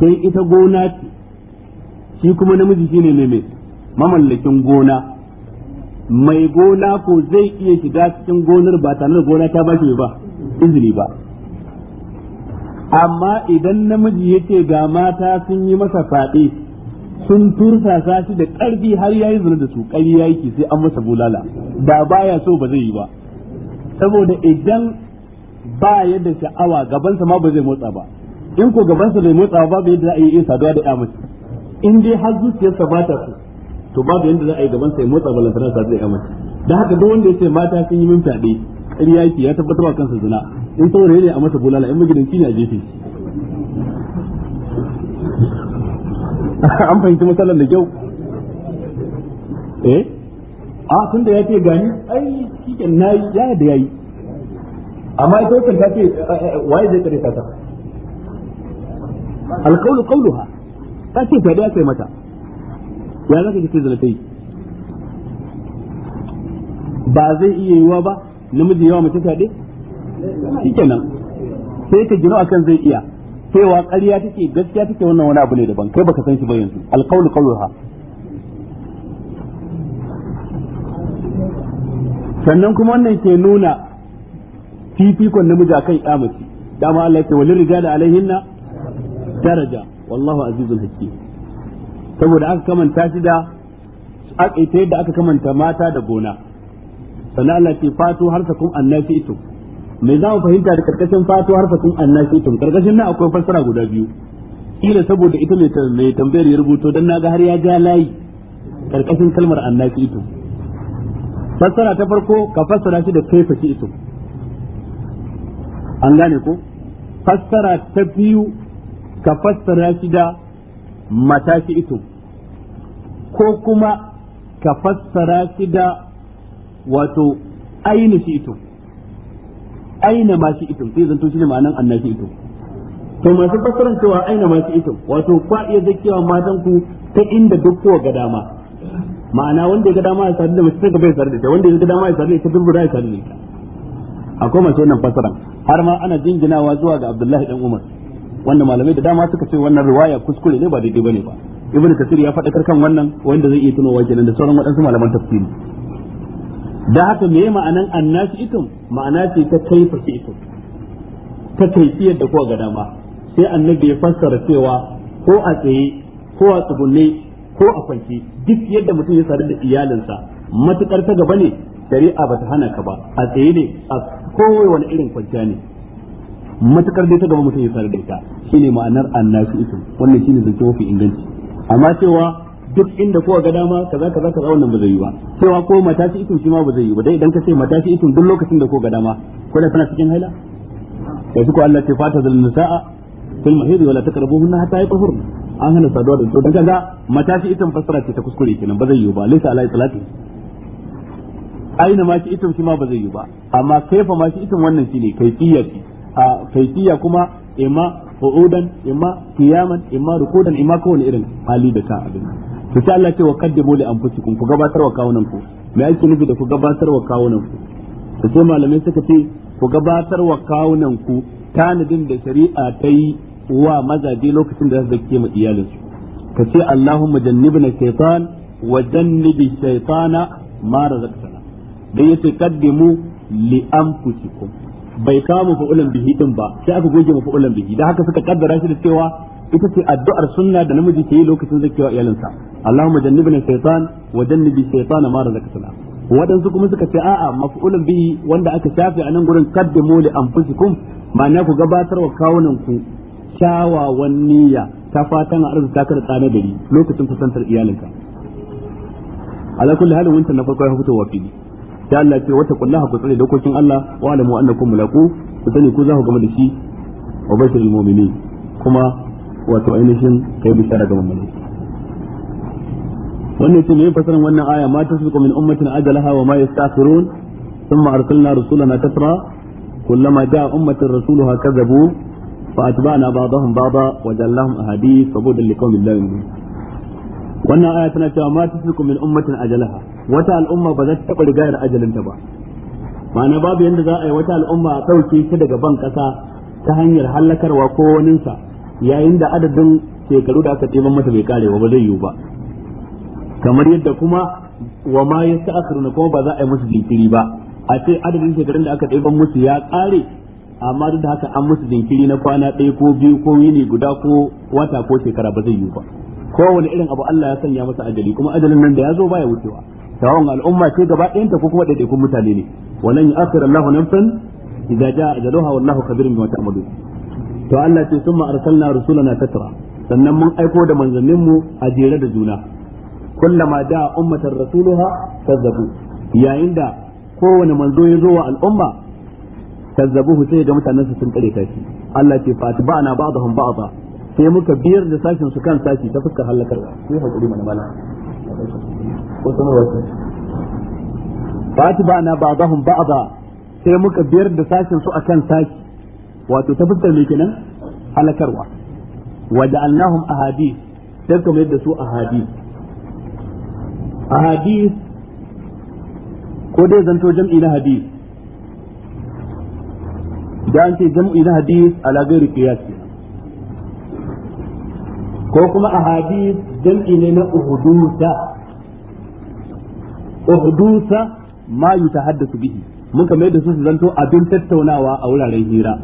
dai ita gona ce shi kuma namiji shine ne mai mamallakin gona mai gona ko zai iya shiga cikin gonar ba tare da gona ta ba shi ba izini ba amma idan namiji ya ce ga mata sun yi masa fyaɗe. sun sa shi da ƙarfi har yayi zina da su ƙari yayi ki sai an masa bulala da baya so ba zai yi ba saboda idan ba yadda sha'awa gabansa ma ba zai motsa ba in ko gabansa bai motsa ba ba yadda za a yi saduwa da ya mace in dai har zuciyarsa ba ta so to ba yadda za a yi gabansa ya motsa na sa da ya mace da haka duk wanda ya ce mata sun yi min fyaɗe ƙarya yake ya tabbatar wa kansa zina in saboda ne a masa bulala in magidanci ne a jefe shi an fahimci matsalar da kyau eh a tun da ya ce gani ai cikin na yi ya da ya yi amma ita wakan ta ce eh, eh, eh, waye zai kare ta alkaulu kauluha ta ce fada ya kai mata ya zaka kike yi ba zai iya yiwa ba namiji yawa mace fade shikenan sai ka gino akan zai iya cewa ƙarya take gaskiya take wannan wani abu ne daban kai baka san shi ba yanzu alƙawli qawluha sannan kuma wannan ke nuna fifikon namiji akan ya mace dama Allah ke walin rijala alaihinna daraja wallahu azizul hakim saboda aka kamanta shi da aka yadda aka kamanta mata da gona sannan Allah ke fatu har sakun annasi ito me za mu fahimta da karkashin fatu harfatin tun karkashin nan akwai fassara guda biyu kila saboda ita mai tambayar ya rubuto dan naga har ya ga layi karkashin kalmar ito. fassara ta farko ka fassara shi da kaifa shi ito an gane ko fassara ta biyu ka fassara shi da mata shi ito ko kuma ka fassara shi da wato ainihi ito aina ma shi itum sai zanto ne ma'anan annashi ito, to masu fassarar cewa aina ma shi ito wato kwa iya zakkewa matan ku ta inda duk kowa ga dama ma'ana wanda ya ga dama ya sadu da mace ta bai sadu da ita wanda ya ga dama ya sadu da ita dubbura ya sadu da ita akwai masu wannan fassaran har ma ana jinginawa zuwa ga Abdullahi dan Umar wanda malamai da dama suka ce wannan riwaya kuskure ne ba daidai bane ba ibnu kasir ya faɗakar kan wannan wanda zai iya tunowa kenan da sauran waɗansu malaman tafsiri da haka me ma'anan annashi itum ma'ana ce ta kaifa itum ta kaifiyar da kowa ga dama sai annabi ya fassara cewa ko a tsaye ko a tsibirne ko a kwance duk yadda mutum ya sadu da iyalinsa matukar ta gaba ne shari'a ba ta hana ka ba a tsaye ne a wani irin kwanciya ne matukar dai ta gaba mutum ya sadu da ita shine ma'anar annashi itum wannan shine zance mafi inganci amma cewa duk inda kowa ga dama kaza kaza kaza wannan ba zai yi ba cewa ko matashi itin shi ma ba zai yi ba dai idan ka ce matashi itin duk lokacin da kowa ga dama ko da tana cikin haila kai ci ko Allah ce fata zal nisaa fil mahidi wala taqrabuhunna hatta yatahurna an hana saduwa da su dan kaga matashi itin fasara ce ta kuskure kenan ba zai yi ba laisa alai salati aina ma shi itin shi ma ba zai yi ba amma kaifa ma shi itin wannan shine kaifiyya a kaifiyya kuma imma qu'udan imma qiyaman imma rukudan imma kowane irin hali da ta abin to sai Allah ce wa kaddimu li anfusikum ku gabatar wa kawunan ku me ake nufi da ku gabatar wa kawunan ku to sai malamai suka ce ku gabatar wa kawunan ku tanadin da shari'a ta yi wa mazaje lokacin da za su zake mu iyalinsu ka ce Allahumma jannibna shaytan wa jannibi shaytana ma razaqtana dai yace kaddimu li anfusikum bai mu fa'ulan bihi din ba sai aka goge mafa'ulan bihi dan haka suka kaddara shi da cewa ita ce addu'ar sunna da namiji ke yi lokacin zakewa iyalinsa Allahumma jannibna shaytan wa jannibi shaytana ma razaqtana wadansu kuma suka ce a'a maf'ulun bihi wanda aka shafe a nan gurin qaddimu li anfusikum ma'ana ku gabatar wa kawunan ku kyawawan niyya ta fatan arzika ka da tsane gari lokacin kusantar iyalinka ala kulli halin wanta na farko ya fito wa fili ya Allah ce wata kullaha ku tsare dokokin Allah wa alamu annakum mulaqu ku sani ku za ku gama da shi wa bashirul mu'minin kuma wato ainihin kai bishara ga mamman wannan ce mai fasarin wannan aya ma tasbiqu min ummatin ajalaha wa ma yastakhirun thumma arsalna rusulana tasra kullama jaa ummatin rasuluha kadzabu fa atba'na ba'dahum ba'da wa jallahum ahadith sabudan liqaumin la yu'minun wannan aya tana cewa ma tasbiqu min ummatin ajalaha wata al'umma ba za ta taba rigayar ajalinta ba ma'ana babu yadda za a yi wata al'umma a ɗauke shi daga ban ƙasa ta hanyar hallakarwa ko waninsa yayin da adadin shekaru da aka teman mata bai kare ba zai yiwu ba kamar yadda kuma wa ma na kuma ba za a yi musu jinkiri ba a ce adadin shekarun da aka ɗaiban musu ya kare. amma duk da haka an musu jinkiri na kwana ɗaya ko biyu ko yini guda ko wata ko shekara ba zai yiwu ba kowane irin abu Allah ya sanya masa ajali kuma ajalin nan da ya zo baya wucewa tawon al'umma ce gaba ta ko kuma ɗaiɗaikun mutane ne wannan ya akhira Allahu nafsan idza jaa ajaluha wallahu khabirun bima ta'malun to Allah ce summa arsalna rusulana tatra sannan mun aiko da manzannin a jere da juna kullama da ummatar rasuluha kazzabu yayin da kowane manzo ya zo wa al'umma kazzabuhu sai ga mutanen su sun kare kashi Allah ce fa atba'na ba'dahum ba'dha sai muka biyar da sashen su kan sashi ta fuskar halakar sai hakuri mana mala ko sanarwa fa atba'na ba'dahum ba'dha sai muka biyar da sashen su kan sashi wato ta fuskar mai kenan halakarwa wa ja'alnahum ahadith sai kuma yadda su ahadith ahadith ko dai zanto jam'i na hadith da an ce jam'i na hadith ala ghairi qiyas ko kuma ahadith jam'i ne na uhudusa uhudusa ma yutahaddathu bihi mun kamar yadda su zanto abin tattaunawa a wuraren hira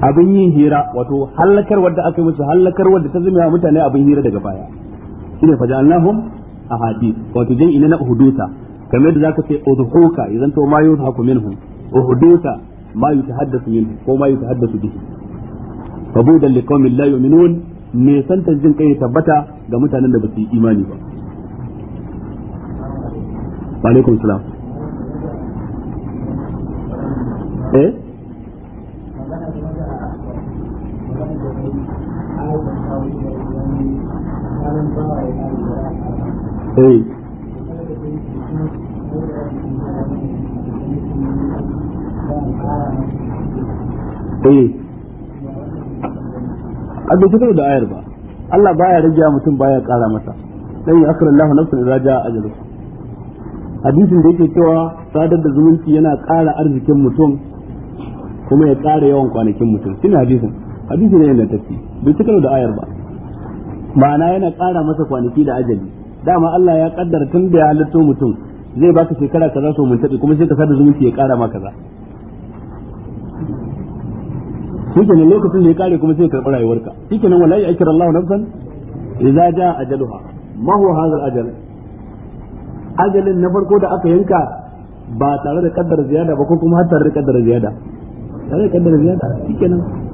abin yin hira wato halakar wadda aka yi musu halakar wadda ta zama mutane abin hira daga baya shine a ahadith wato jin ina na hudusa kamar da zaka ce udhuka idan to ma yuzhaku minhum hudusa ma yutahaddasu minhu ko ma yutahaddasu bihi fabudan liqaumin la yu'minun me santan jin kai tabbata ga mutanen da ba su yi imani ba wa alaikum salam eh a bai da ayar ba Allah baya rage mutum baya kara masa dan ya akara Allah nafsan idza jaa ajalu hadisin da yake cewa sadar da zumunci yana kara arzikin mutum kuma ya kara yawan kwanakin mutum shine hadisin hadisi ne tafi bai ci da ayar ba ma'ana yana ƙara masa kwanaki da ajali dama Allah ya kaddara tun da ya halatto mutum zai baka shekara kaza so mun tafi kuma sai ka sada zumunci ya ƙara ma kaza shikenan lokacin da ya kare kuma sai ya karɓi rayuwarka shikenan wallahi akira Allah nafsan idza jaa ajaluha ma huwa hadha ajal ajalin na farko da aka yanka ba tare da kaddara ziyada ba ko kuma har tare da kaddara ziyada tare da kaddara ziyada nan.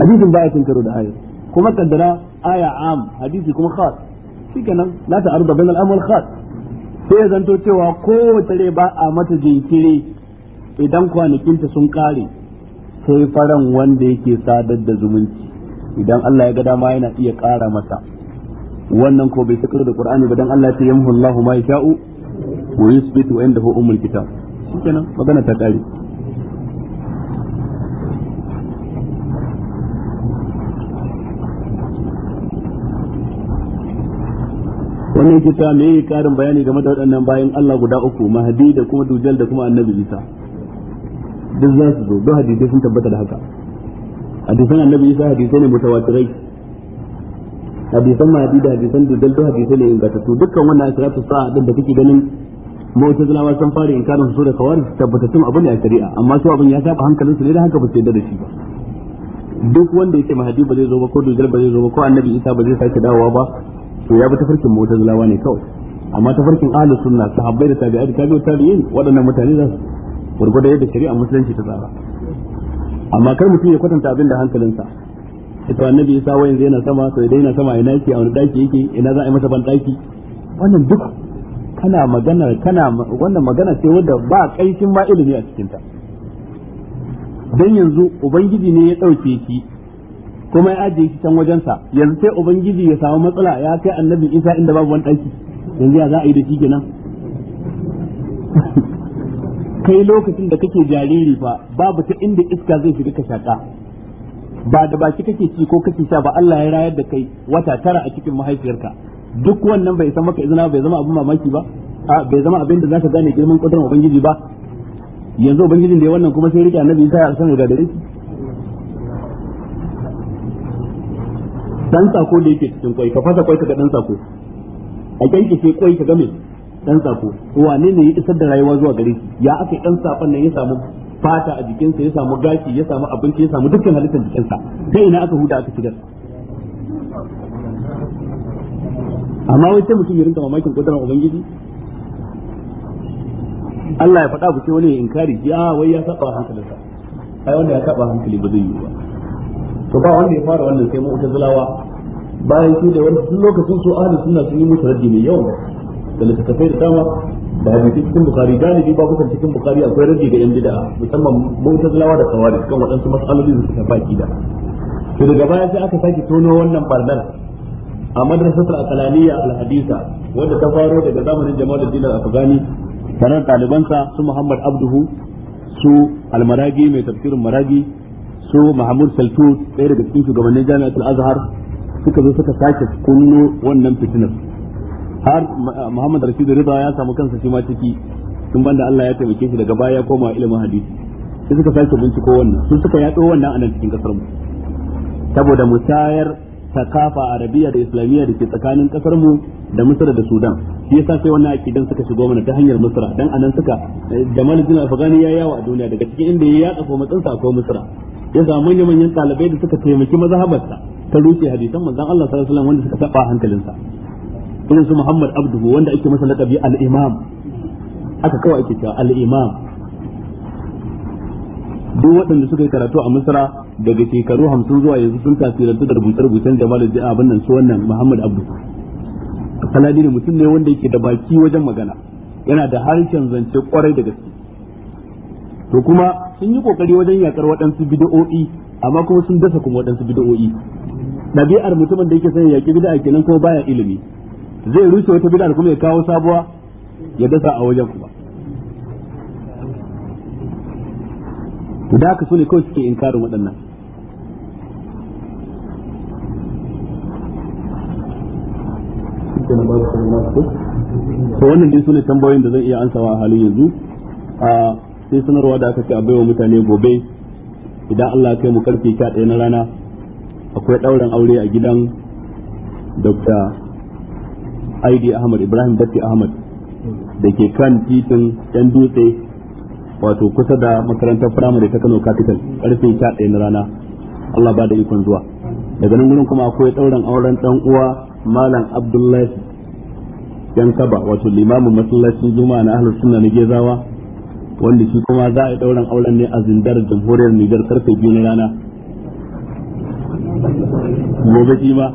hadisin baya cin da aya kuma kaddara aya am hadisi kuma khas shikenan la ta arda bainal amwal khas sai ya zanto cewa kowace rai ba a mata jinkiri idan kwanakinta sun kare sai faran wanda yake sadar da zumunci idan Allah ya ga dama yana iya kara masa wannan ko bai sakar da Qur'ani ba dan Allah ya yamhu Allahu ma yasha'u wa yuthbitu indahu ummul kitab shikenan magana ta kare wannan yake mai yi karin bayani game da waɗannan bayan Allah guda uku mahdi da kuma dujal da kuma annabi isa duk za su zo duk hadisai sun tabbata da haka hadisan annabi isa hadisai ne mutawatirai hadisan mahdi da hadisan dujal duk hadisai ne ingantattu dukkan wannan asiratu sa'a din da kake ganin mu'tazilawa sun fara inkarin su da kawar tabbatattun abu ne a shari'a amma su abin ya saba hankalinsu ne da haka ba su yarda da shi ba duk wanda yake mahadi ba zai zo ba ko dujal ba zai zo ba ko annabi isa ba zai sake dawowa ba to ya bi tafarkin mu'tazilawa ne kawai amma tafarkin ahlus sunna sahabbai da tabi'ai da tabi'ut tabi'in waɗannan mutane za su gurgurda yadda shari'a musulunci ta tsara amma kar mutum ya kwatanta abin da hankalinsa ita annabi isa wa zai na sama to idan yana sama ina yake a wani daki yake ina za a yi masa ban daki wannan duk kana magana kana wannan magana ce wanda ba kaifin ma ilimi a cikinta dan yanzu ubangiji ne ya dauke ki kuma ya ajiye shi can wajensa yanzu sai ubangiji ya samu matsala ya kai annabi isa inda babu wani ɗaki yanzu ya za a yi da shi kenan [laughs] kai lokacin da kake jariri fa babu ta inda iska zai shiga ka shaka ba da baki kake ci ko kake sha ba Allah ya rayar da kai wata tara a cikin mahaifiyarka duk wannan bai san maka izina bai zama abin mamaki ba bai zama abin da zaka gane girman kudin ubangiji ba yanzu ubangijin da ya wannan kuma sai rike annabi isa ya san da dare dan sako da yake cikin kwai ka fasa kwai ka dan sako a ke kwai ka game dan sako wane ne ya isar da rayuwa zuwa gare shi ya aka dan sakon nan ya samu fata a jikinsa ya samu gashi ya samu abinci ya samu dukkan halittar jikinsa sai ina aka huda aka shigar amma wai sai mutum ya rinka mamakin kudurar ubangiji Allah ya faɗa ku sai wani ya inkari ya wai ya saba hankalinsa ai wanda ya saba hankali ba zai yi ba to ba wanda ya fara wannan sai mu'tazilawa bayan su da wani duk lokacin su ahli sunna sun yi musu raddi mai yawa da littattafai da dama ba da cikin bukari galibi ba kusan cikin bukari akwai raddi ga yan bid'a musamman mu'tazilawa da kawari kan waɗansu mas'alolin da suka faki da to daga baya sai aka sake tono wannan barnar a madrasatul aqlaniyya al-hadisa wanda ta faro daga zamanin Jamaluddin al-Afghani sanar ɗalibansa su Muhammad Abduhu su almaragi mai tafsirin maragi su Mahmud Saltut ɗaya daga cikin shugabannin Jami'atul Azhar suka zo suka sake kunno wannan fitinar har Muhammad Rashid Rida ya samu kansa shi ma ciki tun banda Allah ya taimake shi daga baya ya koma ilimin hadisi sai suka sake binciko wannan su suka yaɗo wannan a nan cikin kasar mu saboda musayar takafa arabiya da islamiyya da ke tsakanin kasar mu da misra da sudan shi yasa sai wannan akidan suka shigo mana ta hanyar misra dan anan suka eh, jamal bin afghani ya yawo a duniya daga cikin inda ya yaɗa ko matsansa akwai misra ya ga manyan manyan talibai da suka taimaki mazhabarsa ta rushe hadisan manzon Allah sallallahu alaihi wasallam wanda suka taba hankalinsa irin su Muhammad Abduhu wanda ake masa laqabi al-Imam haka kawai ake cewa al-Imam duk waɗanda suka yi karatu a Misra daga shekaru 50 zuwa yanzu sun tasirantu da rubuce-rubucen Jamaluddin ah, abin nan su wannan Muhammad Abduhu Saladini mutum ne wanda yake da baki wajen magana yana da harshen zance kwarai da gaske to kuma sun yi kokari wajen yakar waɗansu bid'o'i amma kuma sun dasa kuma waɗansu bid'o'i ɗabi'ar mutumin da yake son yaki bid'a kenan kuma baya ilimi zai rushe wata bid'a kuma ya kawo sabuwa ya dasa a wajen kuma to da haka su ne kawai suke inkarin waɗannan wannan dai su ne tambayoyin da zan iya ansawa a halin yanzu ah, sai sanarwa da aka ce a baiwa mutane gobe idan Allah kai mu karfe 11 na rana akwai ɗaurin aure a gidan Dr. ID Ahmad Ibrahim Batti Ahmad da ke kan titin yan dutse wato kusa da makarantar firamare ta Kano Capital karfe 11 na rana Allah ba da ikon zuwa daga nan gurin kuma akwai ɗaurin auren ɗan uwa Malam Abdullahi yan kaba wato limamin masallacin juma'a na ahlus sunna na gezawa wanda shi kuma za a yi ɗauran auren ne a zindar jamhuriyar Nijar karfe biyu na rana gobe shi ma.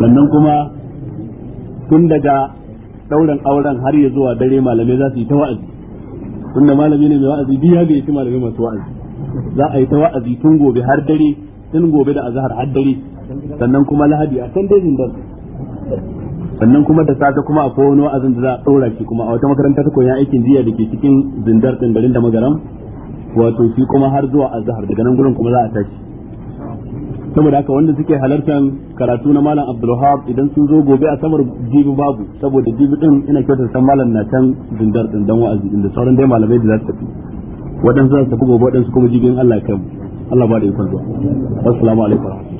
sannan kuma tun daga ɗauran auren har ya zuwa dare malamai za su yi ta wa'azi tun da malami ne mai wa'azi biya bai ci malamai masu wa'azi za a yi ta wa'azi tun gobe har dare tun gobe da azahar har dare sannan kuma lahadi a can dai zindar sannan kuma da safe kuma akwai wani wa'azin da za a ɗora shi kuma a wata makaranta ta ya aikin jiya da ke cikin zindar ɗin garin da magaram wato shi kuma har zuwa azhar daga nan gurin kuma za a tashi saboda haka wanda suke halartar karatu na malam abdulwahab idan sun zo gobe a samar jibi babu saboda jibi din ina kyautar san malam na can zindar din dan wa'azi inda sauran dai malamai da za su tafi waɗansu za su tafi gobe waɗansu kuma jibin Allah ya Allah ba da ikon zuwa assalamu alaikum